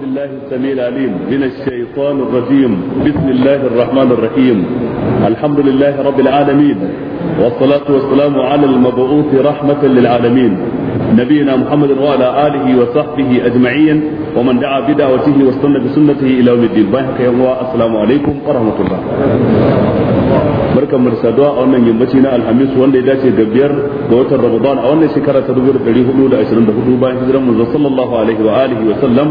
بالله السميع العليم من الشيطان الرجيم بسم الله الرحمن الرحيم الحمد لله رب العالمين والصلاة والسلام على المبعوث رحمة للعالمين نبينا محمد وعلى آله وصحبه أجمعين ومن دعا بدعوته واستنى بسنته إلى يوم الدين بارك الله السلام عليكم ورحمة الله barkan mu da a wannan yammaci na alhamis wanda ya dace da biyar ga watan ramadan a wannan shekara ta dubu da hudu da ashirin da hudu bayan hijiran manzo sallallahu alaihi wa alihi wa sallam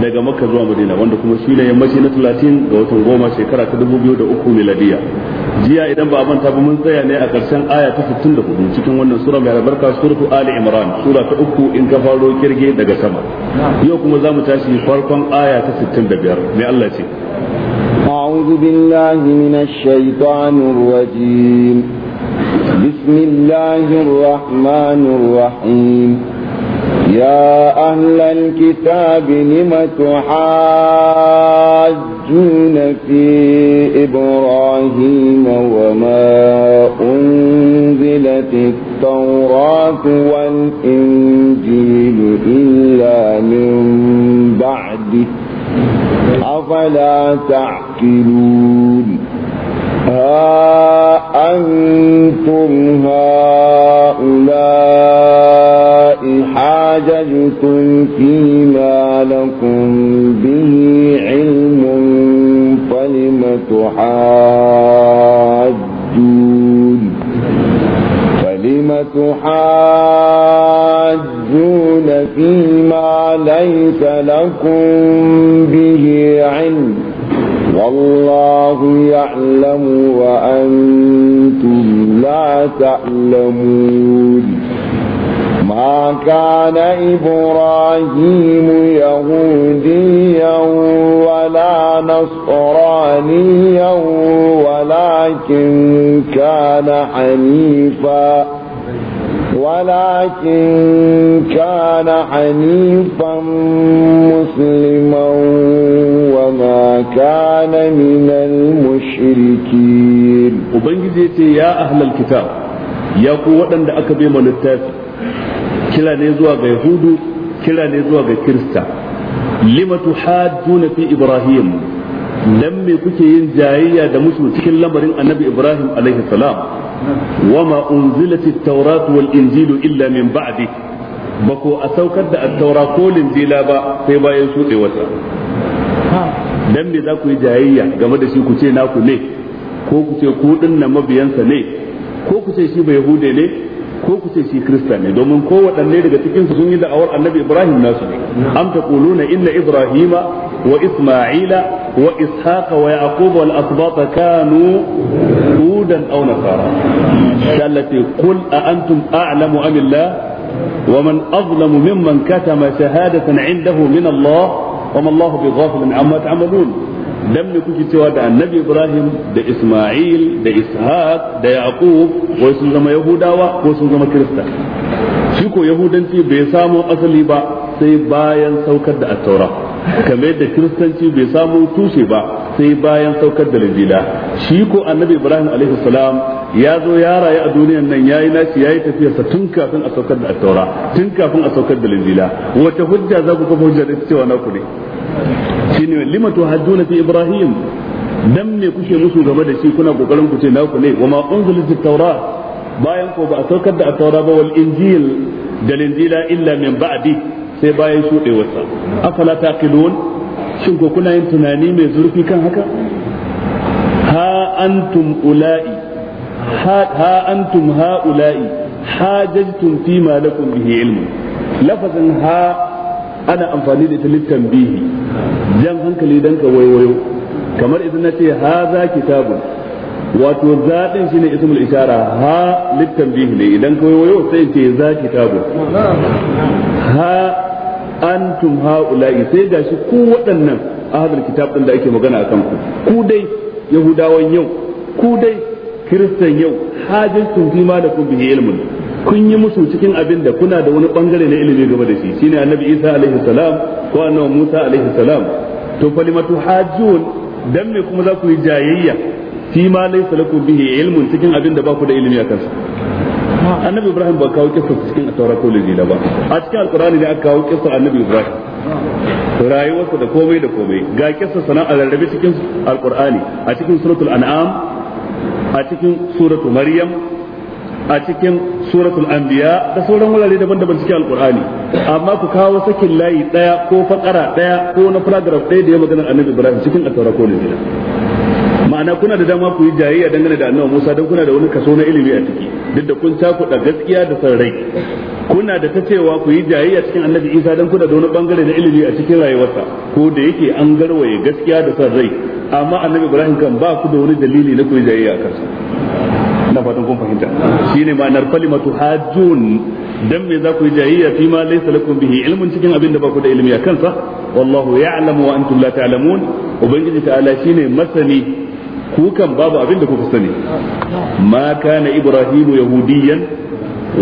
daga makka zuwa madina wanda kuma shi yammaci na talatin ga watan goma shekara ta dubu biyu da uku miladiya jiya idan ba a manta ba mun tsaya ne a ƙarshen aya ta sittin da hudu cikin wannan sura mai albarka suratu ali imran sura ta uku in ka faro kirge daga sama yau kuma za mu tashi farkon aya ta sittin da biyar mai allah ce أعوذ بالله من الشيطان الرجيم بسم الله الرحمن الرحيم يا أهل الكتاب لم تحاجون في إبراهيم وما أنزلت التوراة والإنجيل إلا من بعده أفلا تعقلون ها أنتم هؤلاء حاججتم فيما لكم به علم فلم تحاجون فلم تحاجون فيما ليس لكم به علم والله يعلم وأنتم لا تعلمون ما كان إبراهيم يهوديا ولا نصرانيا ولكن كان حنيفا ولكن كان حنيفا مسلما وما كان من المشركين وبنجد يا أهل الكتاب ya ku waɗanda aka bai ma littafi kira ne zuwa ga yahudu kira ne zuwa ga kirista limatu hadduna fi ibrahim dan me kuke yin jayayya da musu cikin lamarin annabi ibrahim alaihi salam wama unzilati at-taurat wal injilu illa min ba'di bako a saukar da at-taura ko linjila ba sai bayan su wata dan me za ku yi jayayya game da shi ku ce naku ne ko ku ce ku dinnan mabiyansa ne ko ku ce shi bai hude ne ko ku ce shi kirista ne domin ko waɗanne daga cikin su sun yi da'awar annabi ibrahim nasu ne am taquluna inna ibrahima wa isma'ila wa ishaqa wa yaqub wal asbata kanu hudan aw nasara shallati qul a antum a'lamu am illah wa man azlamu mimman katama shahadatan 'indahu min allah wa ma allah bi ghafilin amma ta'malun dan me kuke cewa da annabi ibrahim da isma'il da ishaq da yaqub wai sun zama yahudawa ko sun zama kirista shi ko yahudanci bai samu asali ba sai bayan saukar da attaura kamar yadda kiristanci bai samu tushe ba sai bayan saukar da lijila shi ko annabi ibrahim alaihi salam ya zo ya rayu a duniyan nan yayi naci yayi tafiyarsa tun kafin a saukar da attaura tun kafin a saukar da lijila wata hujja za ku kafa hujja da cewa na ku ne shine lima tuhadduna fi ibrahim dan me kuke musu game da shi kuna kokarin ku ce ku ne wa ma unzilat at bayan ko ba a saukar da at-taura ba wal injil da injila illa min ba'di sai bayan shudewarsa afala taqilun shin ko kuna yin tunani mai zurfi kan haka ha antum ula'i ha antum ha'ula'i hajajtum fi ma lakum bihi ilmun lafazin ha ana amfani da ita bihi, jan hankali dan ka waiwayo kamar idan na ce ha za kitabu wato zaɗin shine ismul ishara ha bihi ne idan ka waiwayo sai ce za kitabu ha antum ula'i sai shi ku waɗannan ahlul kitab ɗin da ake magana akan ku ku dai yahudawan yau ku dai kiristan yau hajjatun fi ma da ku bihi ilmun kun yi musu cikin abin da kuna da wani bangare na ilimi game da shi shine annabi isa alaihi salam ko annabi musa alaihi salam to falimatu hajjun dan me kuma za ku yi jayayya fi ma laysa lakum bihi ilmun cikin abin da ba ku da ilimi akan sa annabi ibrahim ba kawo kisa cikin taura ko lijila ba a cikin alkurani ne aka kawo kisa annabi ibrahim rayuwarsa da komai da komai ga kisa sana'a rarrabe cikin alkurani a cikin suratul an'am a cikin suratul maryam a cikin suratul anbiya da sauran wurare daban-daban cikin alkur'ani amma ku kawo sakin layi daya ko fakara daya ko na paragraph daya da ya magana annabi ibrahim cikin atawra ko ne ma'ana kuna da dama ku yi jayayya dangane da annabi musa don kuna da wani kaso na ilimi a ciki duk da kun da gaskiya da san rai kuna da ta cewa ku yi jayayya cikin annabi isa don kuna da wani bangare na ilimi a cikin rayuwarsa ko da yake an garwaye gaskiya da san rai amma annabi ibrahim kan ba ku da wani dalili na ku yi jayayya a kansa ina fatan kun fahimta shine ma'anar kalimatu hajjun dan me za ku yi jayayya fi ma laysa lakum bihi ilmun cikin abin da ba ku da ilimi a kansa wallahu ya'lamu wa antum la ta'lamun ubangiji ta'ala shine masani ku kan babu abin da kuka sani ma kana ibrahimu yahudiyan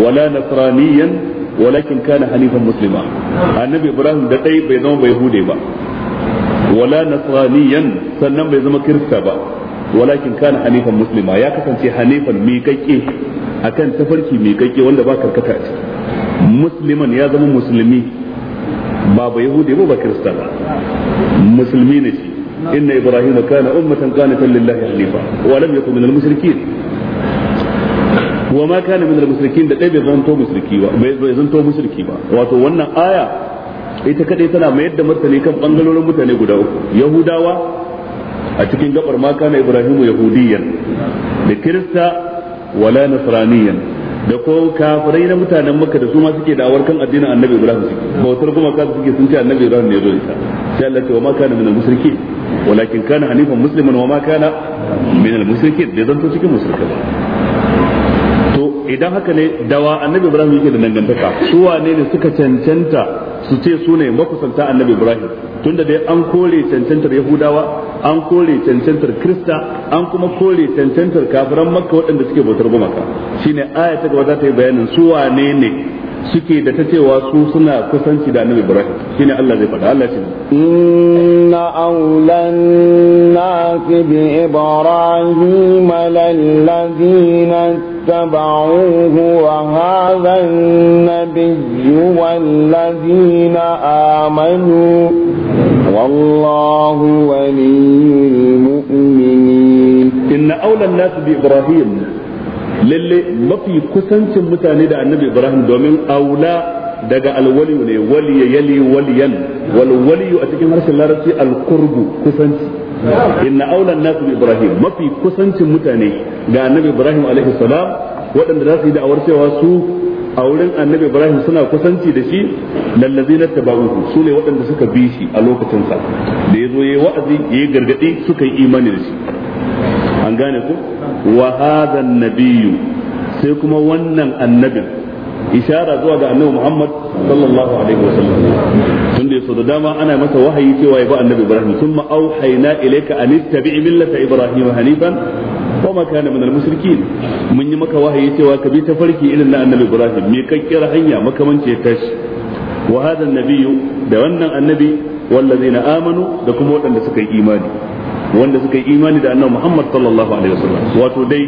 wala nasraniyan walakin kana hanifan muslima annabi ibrahim da dai bai zama bai hude ba wala nasraniyan sannan bai zama kirista ba walakin kana hanifan muslima ya kasance hanifan miƙaƙƙe akan tafarki miƙaƙƙe wanda ba karkata a ciki musliman ya zama musulmi ba ba yahudi ba ba musulmi ne shi inna ibrahim kana ummatan qanitan lillahi hanifa wa lam yakun minal musrikin wa ma kana minal musrikin da dai bai zanto musriki bai ba wato wannan aya ita kadai tana mayar da martani kan bangarorin mutane guda uku yahudawa a cikin gabar ma kana ibrahimu yahudiyan da kirista wala nasraniyan da ko kafirai na mutanen makka da su ma suke da'awar kan addinin annabi ibrahim suke bautar kuma ka suke sun ce annabi ibrahim ne ya zo ita sai Allah ce wa ma kana minal musyrikin walakin kana hanifan musliman wa ma kana minal musyrikin da zanto cikin musyrikai to idan haka ne dawa annabi ibrahim yake da dangantaka su wane ne suka cancanta su ce su ne makusanta annabi ibrahim tunda dai an kore cancantar yahudawa an kore cancantar krista an kuma kore cancantar kafiran makka waɗanda suke bautar gumaka shine aya ta gaba za ta yi bayanin su wane ne suke da ta cewa su suna kusanci da annabi ibrahim shine Allah zai faɗa Allah shi inna awlan nasi bi ibrahim وهذا النبي والذين آمنوا والله ولي المؤمنين إن أولى الناس بإبراهيم lalle mafi kusancin mutane da annabi ibrahim domin aula daga alwaliyu ne wali ya yali waliyan wal wali a cikin harshen larabci alqurbu kusanci inna aula nas ibrahim mafi kusancin mutane ga annabi ibrahim alaihi salam waɗanda za su yi da'awar cewa su a wurin annabi ibrahim suna kusanci da shi lallazi na su ne waɗanda suka bi shi a lokacin sa da ya zo ya yi wa'azi ya yi gargaɗi suka yi imani da shi an gane ku wa hadha nabiyyu sai kuma wannan annabin ishara zuwa ga annabi Muhammad sallallahu alaihi wasallam tun da yaso da dama ana masa wahayi cewa ya ba annabi Ibrahim thumma auhayna ilayka an tabi'i millata Ibrahim hanifan wa ma kana minal mun yi maka wahayi cewa ka bi tafarki irin na annabi Ibrahim me kan kira hanya makamanci ya tashi wa hadha nabiyyu da wannan annabi na amanu da kuma waɗanda suka yi imani wanda suka yi imani da annabi Muhammad sallallahu alaihi wasallam wato dai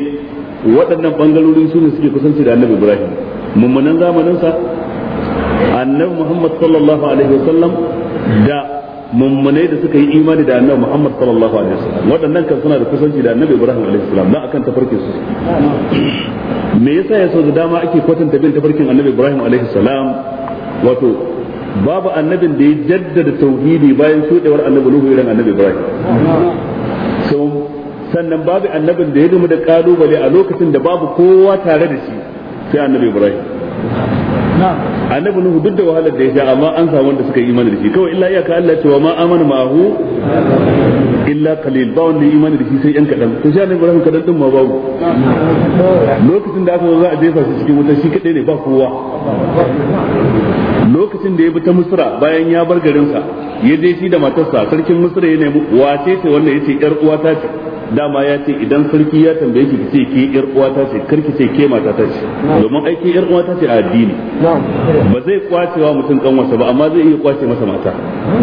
waɗannan bangalori su ne suke kusanci da annabi Ibrahim mummunan zamanin sa annabi Muhammad sallallahu alaihi wasallam da mummunai da suka yi imani da annabi Muhammad sallallahu alaihi wasallam waɗannan kan suna da kusanci da annabi Ibrahim alaihi salam dan akan tafarkin su me yasa ya so da dama ake kwatanta bin tafarkin annabi Ibrahim alaihi salam wato babu annabin da ya jaddada tauhidi bayan shudewar annabi Nuhu irin annabi Ibrahim sannan babu annabin da ya gama da kalubale a lokacin da babu kowa tare da shi sai annabi ibrahim annabi nuhu duk da wahalar da ya sha amma an samu wanda suka yi imani da shi kawai illa iyaka Allah cewa ma amana ma'ahu illa qalil ba wanda imani da shi sai yan kadan to sai annabi ibrahim kadan din ma babu lokacin da aka zo za a jefa shi cikin wuta shi kadai ne ba kowa lokacin da ya bi ta misra bayan ya bar garinsa ya je shi da matarsa sarkin misra ya nemi wace ce wanda yace yar uwata ce dama ya ce idan sarki ya tambaye ki ce ke yar uwata ce karki ce ke mata ta ce domin aiki yar uwata ce a addini ba zai kwacewa mutum kan wasa ba amma zai iya kwace masa mata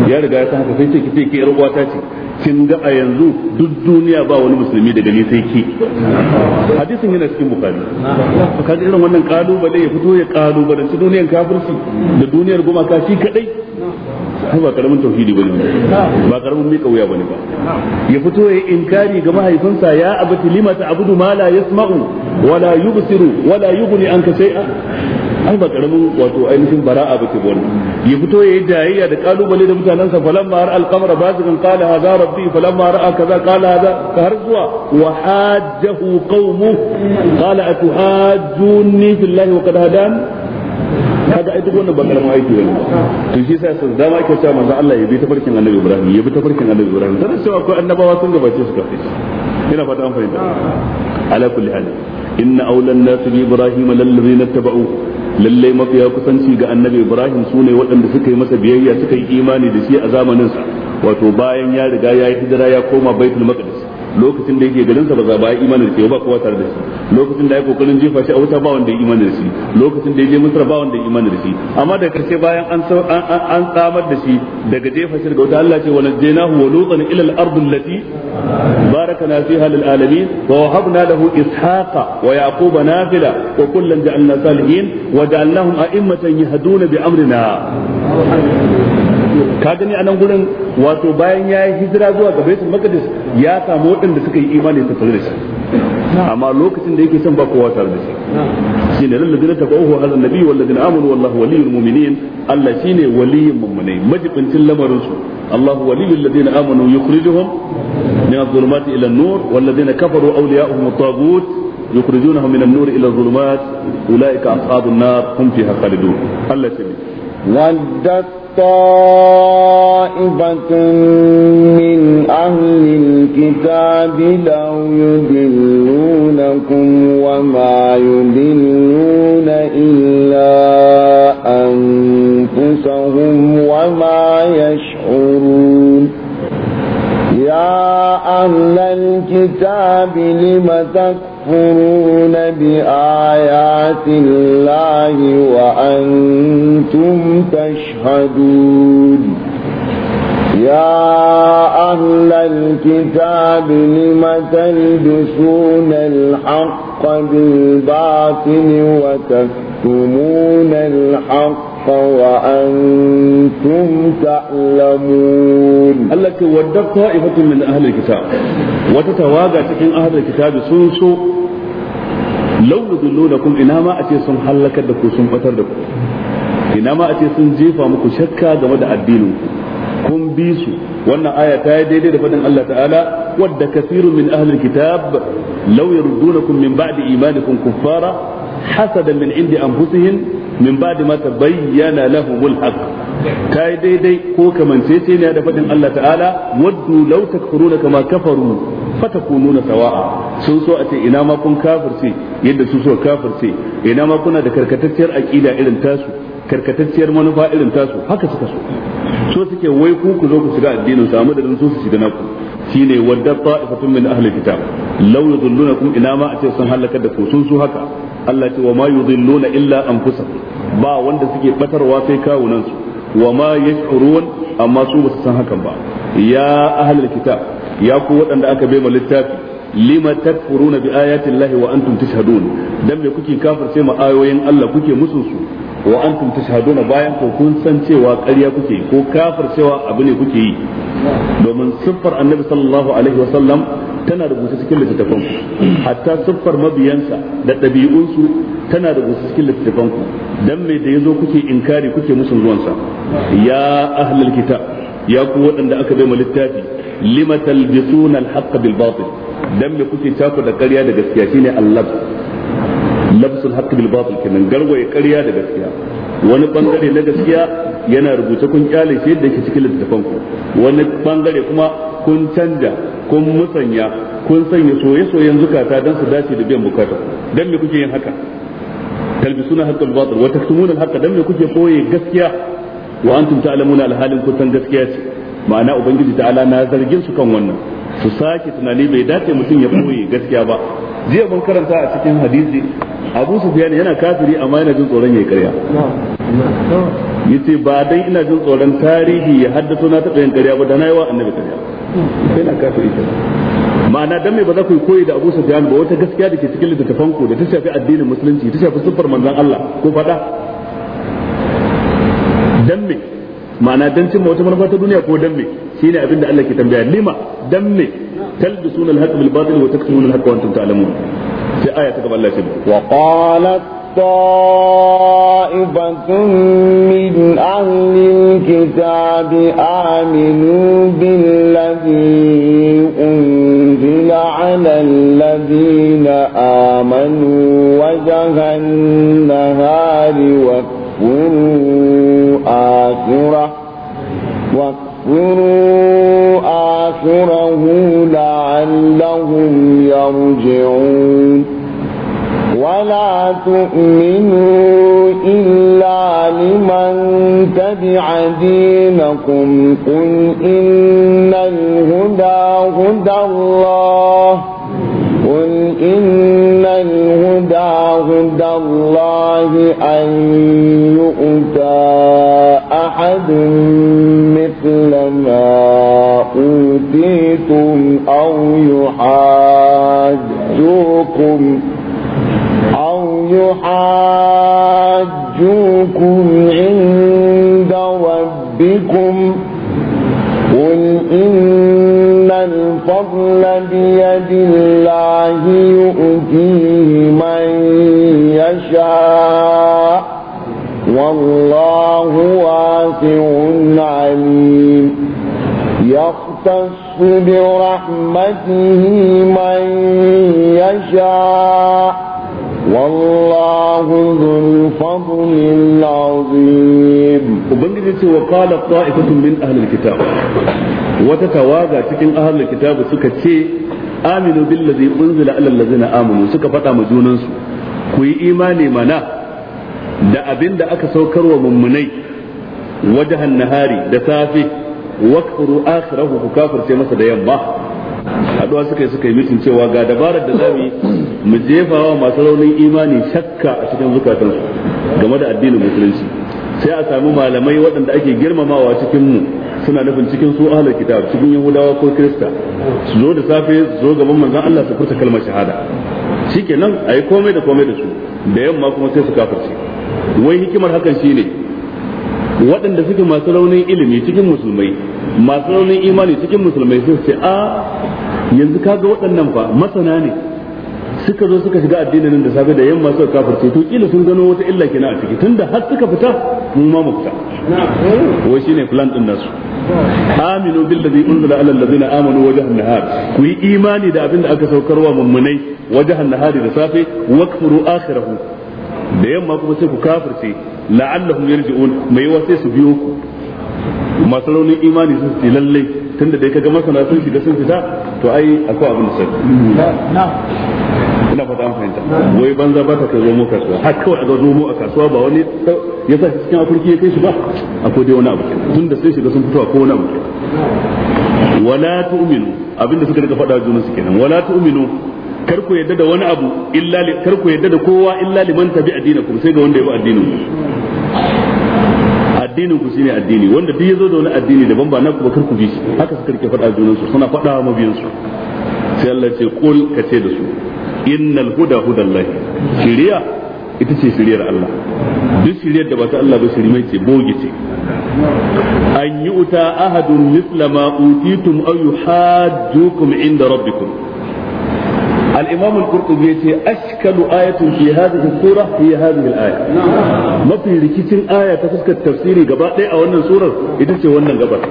ya riga ya san haka sai ce ki ce ke yar uwata ce kin ga a yanzu duk duniya ba wani musulmi daga ni sai ki hadisin yana cikin bukari kaga irin wannan kalubale ya fito ya kalubale su duniyar kafirci da duniyar gumaka shi kadai ai ba karamin tauhidi bane ba karamin mika wuya bane ba ya fito ya inkari ga mahaifinsa ya abati limata abudu ma la yasma'u wala yubsiru wala yughni anka shay'a ai ba karamin wato ainihin bara'a ba ya fito yayi jayayya da kalubale da mutanensa a falamma har al-qamara bazigan qala hadha rabbi falamma ra'a kaza qala hadha ka har zuwa wa hajjahu qaumu qala atuhajjuni fillahi wa qad hadan kaga ai duk wannan ba karamin aiki bane to shi yasa sun dama cewa manzo Allah ya bi Annabi Ibrahim ya bi Annabi Ibrahim dan cewa akwai annabawa sun gabace su ina fata an fahimta ala kulli hal inna awlan nas bi ibrahim tabauhu lalle mafiya kusanci ga annabi ibrahim su ne waɗanda suka yi masa biyayya suka yi imani da shi a zamaninsa wato bayan ya riga ya yi hijira ya koma baitul maqdis lokacin da yake garin sa ba za ba ya imanin da ba kowa tare da shi lokacin da ya kokarin jefa shi a wuta ba wanda yi imanin da shi lokacin da ya je misra ba wanda ya imanin da shi amma da karshe bayan an an tsamar da shi daga jefa shi daga wuta Allah ce wa najjaynahu wa lutan ila al-ard allati na fiha lil alamin wa wahabna lahu ishaqa wa yaquba nafila wa kullan ja'alna salihin wa ja'alnahum a'immatan yahduna bi amrina ka gani a nan gurin wato bayan ya yi hijira zuwa ga baitul maqdis ya samu waɗanda suka yi imani ta tare da shi amma lokacin da yake son ba kowa tare da shi shine lil ladina nabi wal ladina amanu wallahu waliyul mu'minin Allah shine waliyul majibincin lamarin su Allah waliyul ladina amanu yukhrijuhum kafaru يخرجونهم من النور إلى الظلمات أولئك أصحاب النار هم فيها خالدون الله سبحانه طائفة من أهل الكتاب لو يدلونكم وما يدلون إلا أنفسهم وما يشعرون يا أهل الكتاب لم تكفرون بآيات الله يجحدون يا أهل الكتاب لم تلبسون الحق بالباطل وتكتمون الحق وأنتم تعلمون التي ودت طائفة من أهل الكتاب وتتواجع تكين أهل الكتاب سنسو لو يضلونكم إنما أتي سنحلك دكو سنفتر دكو ina ma a ce sun jefa muku shakka game da addinin kun bi su wannan aya ta yi daidai da faɗin Allah ta'ala wadda kasiru min ahlul kitab law yardunakum min ba'di imanikum kuffara hasadan min indi anfusihim min ba da mata bayyana lahumul haq ta yi daidai ko kamancece ne da faɗin Allah ta'ala waddu law takfuruna kama kafaru fatakununa sawa'a sun so a ce ina ma kun kafirce yadda su so kafirce ina ma kuna da karkatacciyar aqida irin tasu karkatacciyar manufa irin tasu haka suka so so suke wai ku ku zo ku shiga addinin su amma da su su shiga naku shine wadda ta'ifatun min ahli kitab law yudhillunakum ina ma ace sun halaka da ku sun su haka Allah ce wa ma yudhilluna illa anfusahum ba wanda suke batarwa sai kawunan su wa ma yash'urun amma su ba su san hakan ba ya ahli kitab ya ku waɗanda aka bai ma littafi lima takfuruna bi ayati llahi wa antum tashhadun dan me kuke kafirce ma ayoyin Allah kuke musun su wa antum tashhaduna bayan ko kun san cewa ƙarya kuke ko kafir cewa abu ne kuke yi domin siffar annabi sallallahu alaihi wa sallam tana rubuce cikin littattafan ku hatta siffar mabiyansa da ɗabi'unsu tana rubuce cikin littattafan ku dan me da yazo kuke inkari kuke musun ruwansa ya ahlul kitab ya ku waɗanda aka bai littafi lima talbisuna al-haqq bil batil dan me kuke taku da ƙarya da gaskiya shine Allah labsul haqqi bil batil kenan garwaye ƙarya da gaskiya wani bangare na gaskiya yana rubuta kun kyale shi yadda yake cikin littafan ku wani bangare kuma kun canja kun musanya kun sanya soye-soyen zukata don su dace da biyan bukata dan me kuke yin haka talbisuna haqqal batil wa taktumuna al haqqa me kuke koye gaskiya wa antum ta'lamuna alhalin kun san gaskiya ce ma'ana ubangiji ta'ala na zargin su kan wannan su sake tunani bai dace mutum ya boye gaskiya ba jiya mun karanta a cikin hadisi abu sufyan yana kafiri amma yana jin tsoron yayi ƙarya yace ba dai ina jin tsoron tarihi ya haddace na taɓa yin ƙarya ba da na yi wa annabi ƙarya sai na kafiri ma'ana dan me ba za ku koyi da Abu Sufyan ba wata gaskiya da ke cikin littattafan ku da ta shafi addinin musulunci ta shafi sufar manzon Allah ko faɗa dan me ma'ana dan cin wata manufa ta duniya ko dan me shine abin da Allah ke tambaya lima dan me talbisuna al-haqq bil batil wa taktumuna al-haqq wa antum ta'lamun sai aya ta gaba وقالت طائفة من أهل الكتاب آمنوا بالذي أنزل على الذين آمنوا وجه النهار واكفروا آخره واكفروا آخره لعلهم يرجعون ولا تؤمنوا إلا لمن تبع دينكم قل إن الهدى هدى الله قل إن الهدى هدى الله أن يؤتى أحد مثل ما أوتيتم أو يحاجوكم يحاجوكم عند ربكم قل إن الفضل بيد الله يؤتيه من يشاء والله واسع عليم يختص برحمته من يشاء والله ذو الفضل العظيم وبنجد سوى قال طائفة من أهل الكتاب وتتواجع تكن أهل الكتاب سكتشي آمنوا بالذي أنزل على الذين آمنوا سكفتا مجوننسو كوي إيماني منا da abin da aka saukar wa mummunai wajahan nahari da safe wakfuru akhirahu ku kafirce masa da yamma haduwa suka yi suka yi mitin cewa ga dabarar da zamu yi mu jefa wa masu raunin imani shakka a cikin zukatansu game da addinin musulunci sai a sami malamai waɗanda ake girmamawa cikin mu suna nufin cikin su ahlul kitab cikin yahudawa ko krista su zo da safe su zo gaban manzon Allah su furta kalmar shahada shikenan ayi komai da komai da su da yamma kuma sai su kafirce wai hikimar hakan shine waɗanda suke masu raunin ilimi cikin musulmai masu raunin imani cikin musulmai sai su ce a yanzu kaga waɗannan fa masana ne suka zo suka shiga addinin nan da safe da yamma suka kafirce to kila sun gano wata illa kina a ciki tunda har suka fita mu ma mu fita wai shine plan din nasu aminu billazi unzila ala allazina amanu wajhan nahar ku yi imani da abin da aka saukarwa mummunai wajhan nahari da safe wakfuru akhirahu da yamma kuma sai ku kafirce la'allahum yarji'un mai yawa sai su biyo ku masu raunin imani sun ce lallai tunda dai kaga masana sun shiga sun fita to ai akwai abin da sai ina fata an fahimta wai banza ba ta kai zomo kasuwa har kawai a ga zomo a kasuwa ba wani ya sa cikin afirki ya kai shi ba akwai dai wani abu tun da sai shiga sun fito ko wani abu wala tu'minu abinda suka daga faɗa juna su kenan wala tu'minu kar ku yadda da wani abu illa kar ku yadda da kowa illa liman tabi addinakum sai ga wanda ya bi addinin addinin ku shine addini wanda duk yazo da wani addini daban ba naku ba kar ku bi shi haka suka rike faɗa junan su suna faɗa mabiyan su sai Allah ce kul ka ce da su innal huda hudallahi shiriya ita ce shiriyar Allah duk shiriyar da ba ta Allah ba shiri mai ce boge ce an yi uta ahadun misla ma utitum aw yuhajjukum inda rabbikum al-imam al-qurtubi yace ashkalu ayatin fi hadhihi sura hi hadhihi al-aya mafi rikicin aya ta fuskar tafsiri gabaɗaya ɗaya a wannan surar ita ce wannan gabar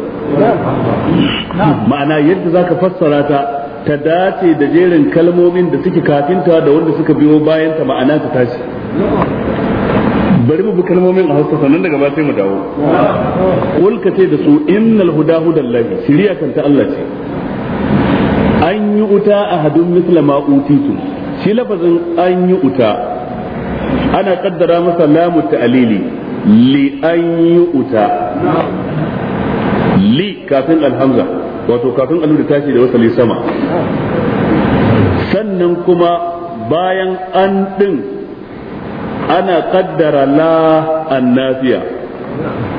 ma'ana yadda zaka fassara ta ta dace da jerin kalmomin da suke kafinta da wanda suka biyo bayan ta ma'ana ta tashi bari mu bi kalmomin a hausa sannan daga sai mu dawo kul ka ce da su innal huda hudallahi shiriya kan ta Allah ce an yi uta ahadun misla ma utitum shi lafazin an yi uta ana kaddara masa lamu alili li an yi uta li kafin alhamza wato kafin alhamza tashi da wasali sama sannan kuma bayan an ɗin ana kaddara la annafiya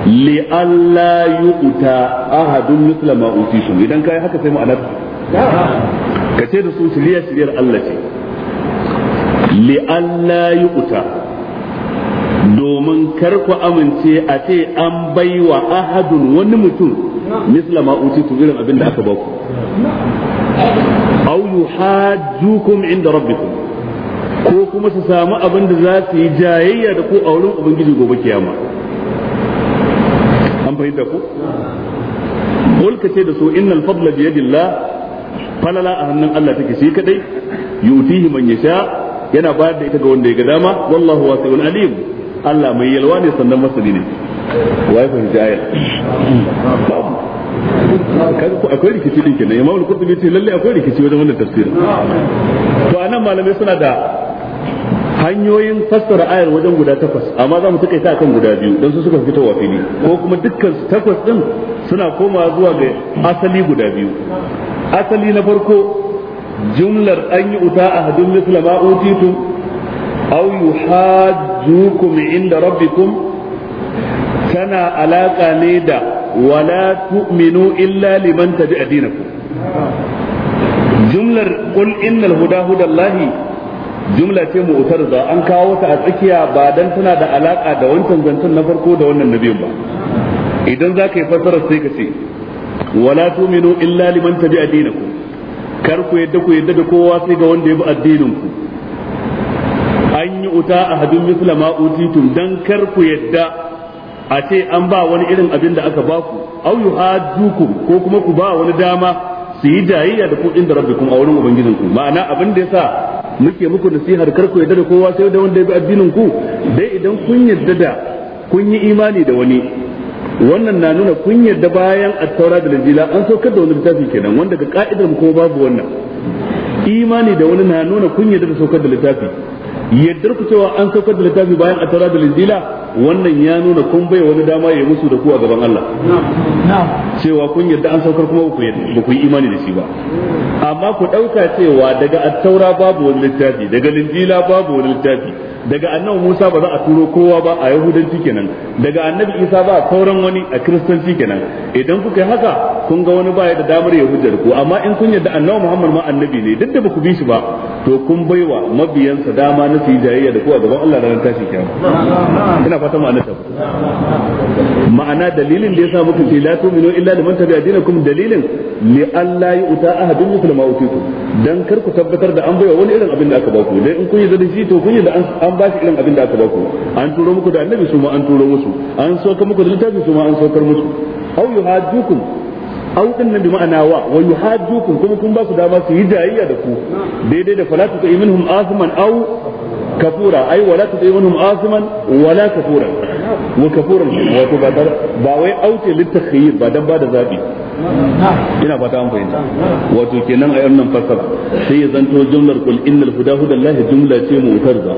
li alla yu'ta ahadun misla uti utitum idan kai haka sai ma'anar ka ce da su shirya shiryar Allah ce li yi yu'ta domin kar ku amince a ce an baiwa ahadun wani mutum misla uti su irin abin da aka baku. yuhajjukum inda rabbikum ko kuma su samu abin da za su yi jayayya da ku a wurin ubangiji gobe kiyama an fahimta ko kul ce da su innal fadla bi yadillah falala a hannun Allah take shi kadai yutihi man yasha yana bayar da ita ga wanda ya ga dama wallahu wasi'un alim Allah mai yalwa ne sannan masani ne wai fahimta ayar kaga akwai rikici din kenan imam al-qurtubi ce lalle akwai rikici wajen wannan tafsirin to anan malamai suna da hanyoyin fassara ayar wajen guda takwas amma za mu takaita akan guda biyu don su suka fitowa fili ko kuma dukkan takwas din suna koma zuwa ga asali guda biyu asali na farko jumlar an yi uta a hadin misla ma utitum aw yuhajjukum inda rabbikum tana alaka ne da ولا تؤمنوا illa لمن تبع دينكم jumlar قل innal الهدى هدى jumla ce mu'tarza an kawo ta a tsakiya ba dan tana da alaka da wancan zancen na farko da wannan nabiyin ba idan za ka yi sai ka ce wala tu'minu illa liman tabi'a dinakum kar ku yadda ku yadda da kowa sai ga wanda ya bi addinin ku an yi uta a hadin ma utitum dan kar ku yadda a ce an ba wani irin abin da aka ba ku au yuhaddukum ko kuma ku ba wani dama su yi jayayya da ku inda rabbikum a wurin ku. ma'ana abin da yasa muke muku nasihar kar ku yarda da kowa sai da wanda ya bi addinin ku dai idan kun yarda da kun yi imani da wani wannan na nuna kun yarda bayan taura da injila an saukar da wani littafi kenan wanda ga ka'idar mu kuma babu wannan imani da wani na nuna kun yarda da saukar da littafi yaddar ku cewa an saukar da littafi bayan taura da injila wannan ya nuna kun bai wani dama ya musu da ku a gaban Allah cewa kun yadda an saukar kuma ba ku yi imani da shi ba amma ku ɗauka cewa daga attaura babu wani littafi daga linjila babu wani littafi daga annabi Musa ba za a turo kowa ba a yahudanci kenan daga annabi Isa ba sauran wani a kiristanci kenan idan kuka yi haka kun ga wani baya da damar ya hujjar ku amma in kun yarda annabi Muhammad ma annabi ne duk da ba ku bi shi ba to kun baiwa mabiyansa dama na su yi da ku a gaban Allah ranar tashi kiyama ina fata mu annata ma'ana dalilin da yasa muka ce la tu'minu illa liman tabi'a dinakum dalilin li alla yu'ta ahadun mithla ma utitu dan kar ku tabbatar da an baiwa wani irin abin da aka ba ku dai in kun yi da to kun yi an ba shi irin abin da aka ba ku an turo muku da annabi su ma an turo musu an saukar muku da littafi su ma an saukar musu aw yuhajjukum aw dinnan bi ma'ana wa wa yuhajjukum kuma kun ba su dama su yi jayayya da ku daidai da falatu ta minhum asman aw kafura ai wala ta minhum asman wala kafura mu? kafuran wato ba ba wai aute litakhayyir ba dan ba da zabi ina fata an fahimta wato kenan a yannan fasara sai ya zanto jumlar kul innal huda hudallahi jumla ce mu mu'tarza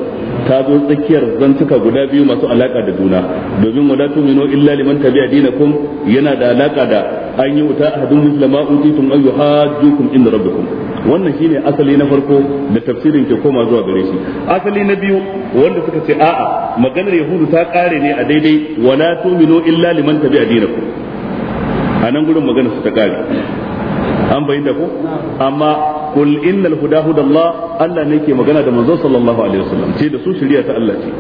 ta zo tsakiyar zantuka guda biyu masu alaka da juna domin wala tu'minu illa liman tabi'a dinakum yana da alaka da an yi wuta ahadun muslima utitum ay yuhajjukum inda rabbukum wannan shine asali na farko da tafsirin ke koma zuwa gare shi asali na biyu wanda suka ce a'a maganar yahudu ta kare ne a daidai wala tu'minu illa liman tabi'a dinakum anan gurin maganar su ta kare an bayyana ko amma qul innal huda hudallah Allah ne ke magana da manzo sallallahu alaihi wasallam ce da su shari'a ta Allah ce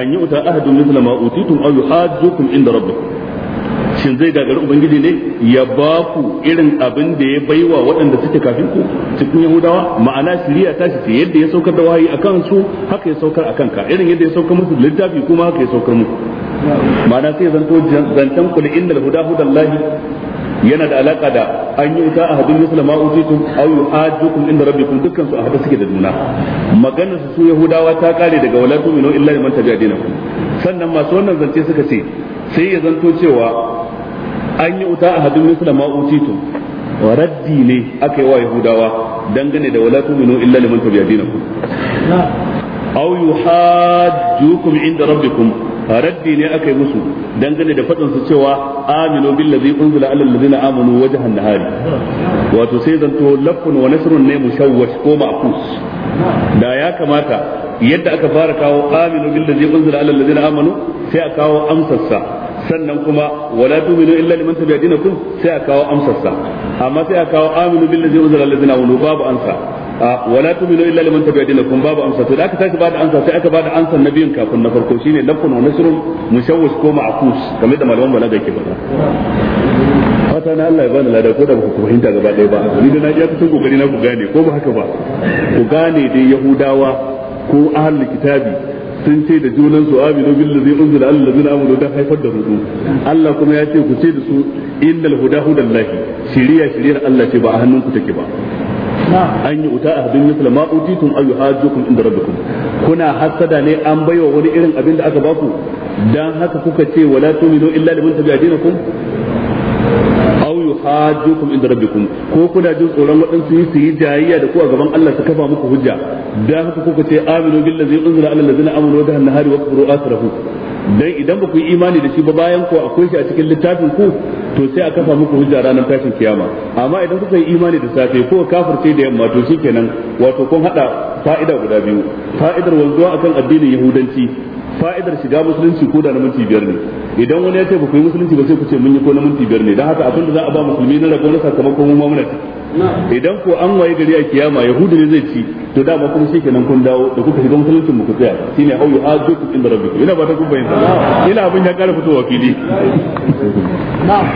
an yi uta ahadun mithla ma utitum aw yuhajjukum inda rabbikum shin zai gagari ubangiji ne ya ba ku irin abin da ya baiwa waɗanda suke kafin ku cikin yahudawa ma'ana shari'a ta ce yadda ya saukar da wahayi akan su haka ya saukar a kanka irin yadda ya saukar musu littafi kuma haka ya saukar muku ma'ana sai zanto zantan ku da innal huda hudallahi yana da alaka da an yi wuta a hadin yusla ma utitum aw yuhajjukum inda rabbikum dukkan su a hada suke da juna maganar su yahudawa ta kare daga wala tu'minu illa liman tabi'a dinakum sannan masu wannan zance suka ce sai ya zanto cewa an yi wuta a hadin yusla ma utitum wa raddi ne aka yi wa yahudawa dangane da wala tu'minu illa liman tabi'a dinakum aw yuhajjukum inda rabbikum raddi ne aka yi musu dangane da faɗin su cewa aminu billazi unzila alal ladina amanu wajhan nahari wato sai zanto lafun wa nasrun ne mushawwash ko ma'kus da ya kamata yadda aka fara kawo aminu billazi unzila alal ladina amanu sai a kawo amsarsa sannan kuma wala tu'minu illa liman tabi'a dinakum sai a kawo amsarsa amma sai a kawo aminu billazi unzila alal ladina amanu babu amsa wala tu'minu illa liman tabi'a dinakum babu amsa to da aka tashi da amsa sai aka bada amsar nabiyin kafin na farko shine lafun wa nasrun mushawwish ko ma'kus kamar da malaman balaga ke bada fata na Allah ya bani lada ko da ku fahimta gaba ɗaya ba ni da na ji ta kokari na ku gane ko ba haka ba ku gane dai yahudawa ko ahlul kitabi sun ce da junan su aminu billazi unzila alal ladina amanu da haifar da hudu Allah kuma ya ce ku ce da su innal huda hudallahi shiriya shiriyar Allah ce ba a hannunku take ba an yi wuta uta ahadin misla ma utitum ayu hajjukum inda rabbikum kuna hasada ne an baiwa wani irin abin da aka ba ku? dan haka kuka ce wala tuminu illa liman tabi'a dinakum aw yuhajjukum inda rabbikum ko kuna jin tsoron waɗansu yi su yi jayayya da ku a gaban Allah su kafa muku hujja dan haka kuka ce aminu billazi unzila ala allazina amanu wajhan nahari wa kfuru asrahu dan idan ba ku yi imani da shi ba bayan ku akwai shi a cikin littafin ku to sai a kafa muku hujja ranar tashin kiyama amma idan kuka yi imani da safe ko kafirce da yamma to shikenan wato kun hada fa'ida guda biyu fa'idar wanzuwa akan addinin yahudanci fa'idar shiga musulunci ko da na minti biyar ne idan wani ya ce ba ku yi musulunci ba sai ku ce mun yi ko na minti biyar ne don haka abin da za a ba musulmi na rabo na sakamakon mu idan ko an waye gari a kiyama yahudu ne zai ci to dama kuma shi kenan kun dawo da kuka shiga musuluncin ku tsaya shine au yu'azukum inda rabbikum ina ba ta kun bayyana ina abin ya kara fitowa fili na'am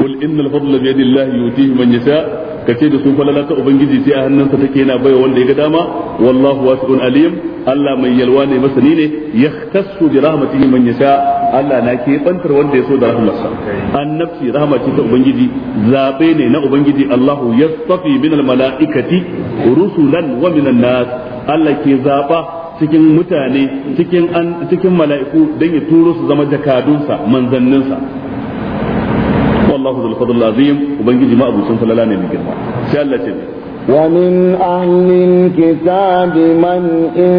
qul innal fadla bi yadillahi yutihi man yasha ka ce da su falala ta ubangiji sai a hannunsa take yana baiwa wanda ya ga dama wallahu wasi'un alim Allah mai yalwa ne masani ne yahtassu bi rahmatihi man yasha Allah na ke bantar wanda ya so da rahmarsa annabci rahma ce ta ubangiji zabe ne na ubangiji Allahu yastafi min mala'ikati rusulan wa minan nas Allah ke zaba cikin mutane cikin cikin mala'iku dan ya turo su zama jakadunsa manzanninsa الله ذو الفضل العظيم وبنجي ما ابو سنت لا ني girma ومن أهل الكتاب من إن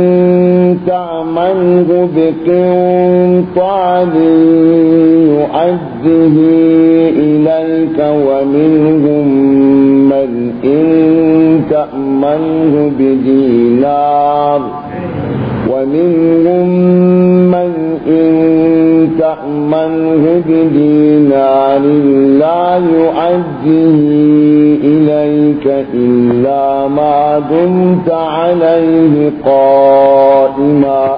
تعمنه بقنطار يؤده إليك ومنهم من إن تأمنه بدينار ومنهم من إن تأمنه بدينار عن لا يعده إليك إلا ما دمت عليه قائما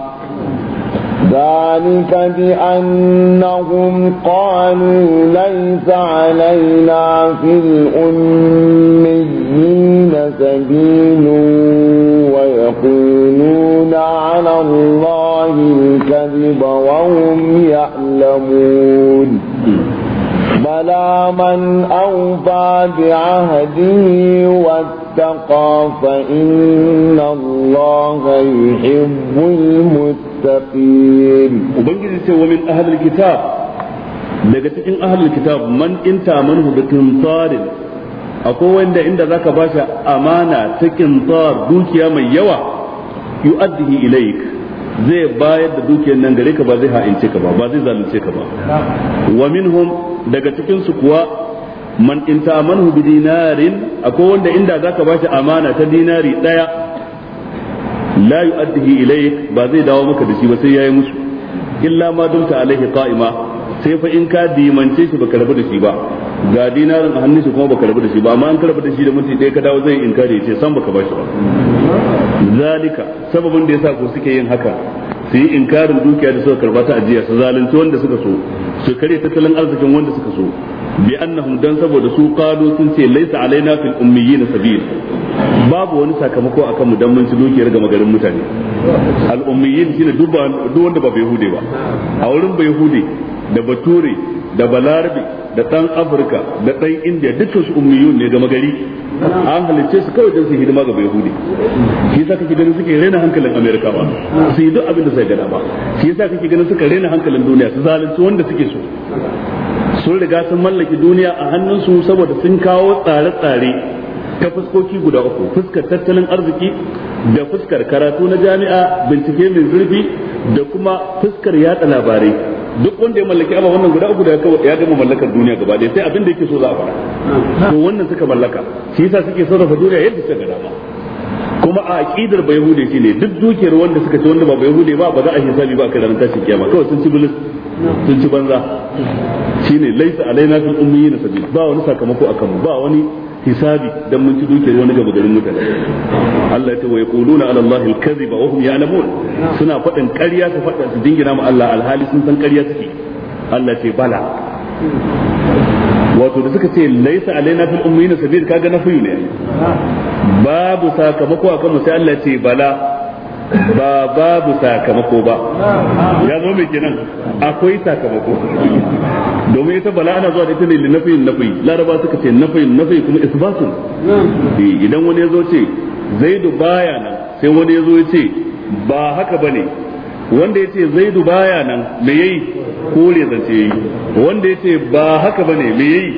ذلك بأنهم قالوا ليس علينا في الأميين سبيل ويقولون على الله الكذب وهم يعلمون على من أوفى بعهده واتقى فإن الله يحب المتقين وبنجد ومن أهل الكتاب لقد أهل الكتاب من انت منه بكمطار akwai wanda inda zaka bashi amana ta kintar dukiya mai yawa yu'addihi ilaik zai bayar da dukiyar nan gare ka ba zai ka ba ba zai ka ba daga cikin su kuwa man in ta'amanhu bi dinarin akwai wanda inda zaka bashi amana ta dinari daya la yu'addihi ilayk ba zai dawo maka da shi ba sai yayi musu illa ma dumta alaihi qa'ima sai fa in ka dimance shi baka rabu da shi ba ga dinarin a hannun shi kuma baka rabu da shi ba amma an karba da shi da mutum ɗaya ka dawo zai inkari ya ce san baka bashi ba zalika sababin da yasa ko suke yin haka su yi inkarin dukiya da suka karba ta ajiya su zalunci wanda suka so su kare tattalin arzikin wanda suka so bi annahum dan saboda su qalu sun ce laysa alaina fil ummiyina sabil babu wani sakamako akan mu dan mun ci dukiyar ga magarin mutane al ummiyin shine duk wanda ba yahude ba a wurin ba yahude da bature da balarbi da dan afirka da dan indiya dukkan su ummiyun ne ga magari an halicce su kawai don su hidima ga yahudi shi yasa kake ganin suke rena hankalin amerika ba su yi duk abin da gada ba shi yasa kake ganin suka rena hankalin duniya su zalunci wanda suke so sun riga sun mallaki duniya a hannunsu saboda sun kawo tsare-tsare ta fuskoki guda uku fuskar tattalin arziki da fuskar karatu na jami'a bincike mai zurfi da kuma fuskar yatsa labarai duk wanda ya mallaki aba wannan guda uku da ya gama mallakar duniya gaba ɗaya sai abin da yake so za a fara hmm. to wannan suka mallaka shi yasa suke sarrafa duniya yadda suka gada ba kuma a aqidar ba yahude shi ne duk dukiyar wanda suka ci wanda ba yahude ba ba za a hisabi ba kai ranar tashin kiyama kawai sun ci bilis hmm. sun ci banza shine laisa alaina fil ummiyin sabil ba wani sakamako akan mu ba wani hisabi dan mun ci dukiyar wani gaba garin mutane Allah ya ce wa yaquluna ala Allah al-kadhiba wa hum ya'lamun suna fadin ƙarya su faɗa su dingina ma Allah alhali sun san ƙarya suke Allah ce bala wato da suka ce laisa alaina fil ummiyin sabil kaga na fuyu ne babu sakamako akan mu sai Allah ce bala ba babu sakamako ba ya zo mai kenan akwai sakamako domin ita bala ana zuwa da ita ne li nafiyin nafi laraba suka ce nafiyin nafi kuma isbatun idan wani ya zo ce zaidu baya nan sai wani ya zo ya ce ba haka bane wanda ya ce zaidu baya nan me yayi kore zance yayi wanda ya ce ba haka bane me yayi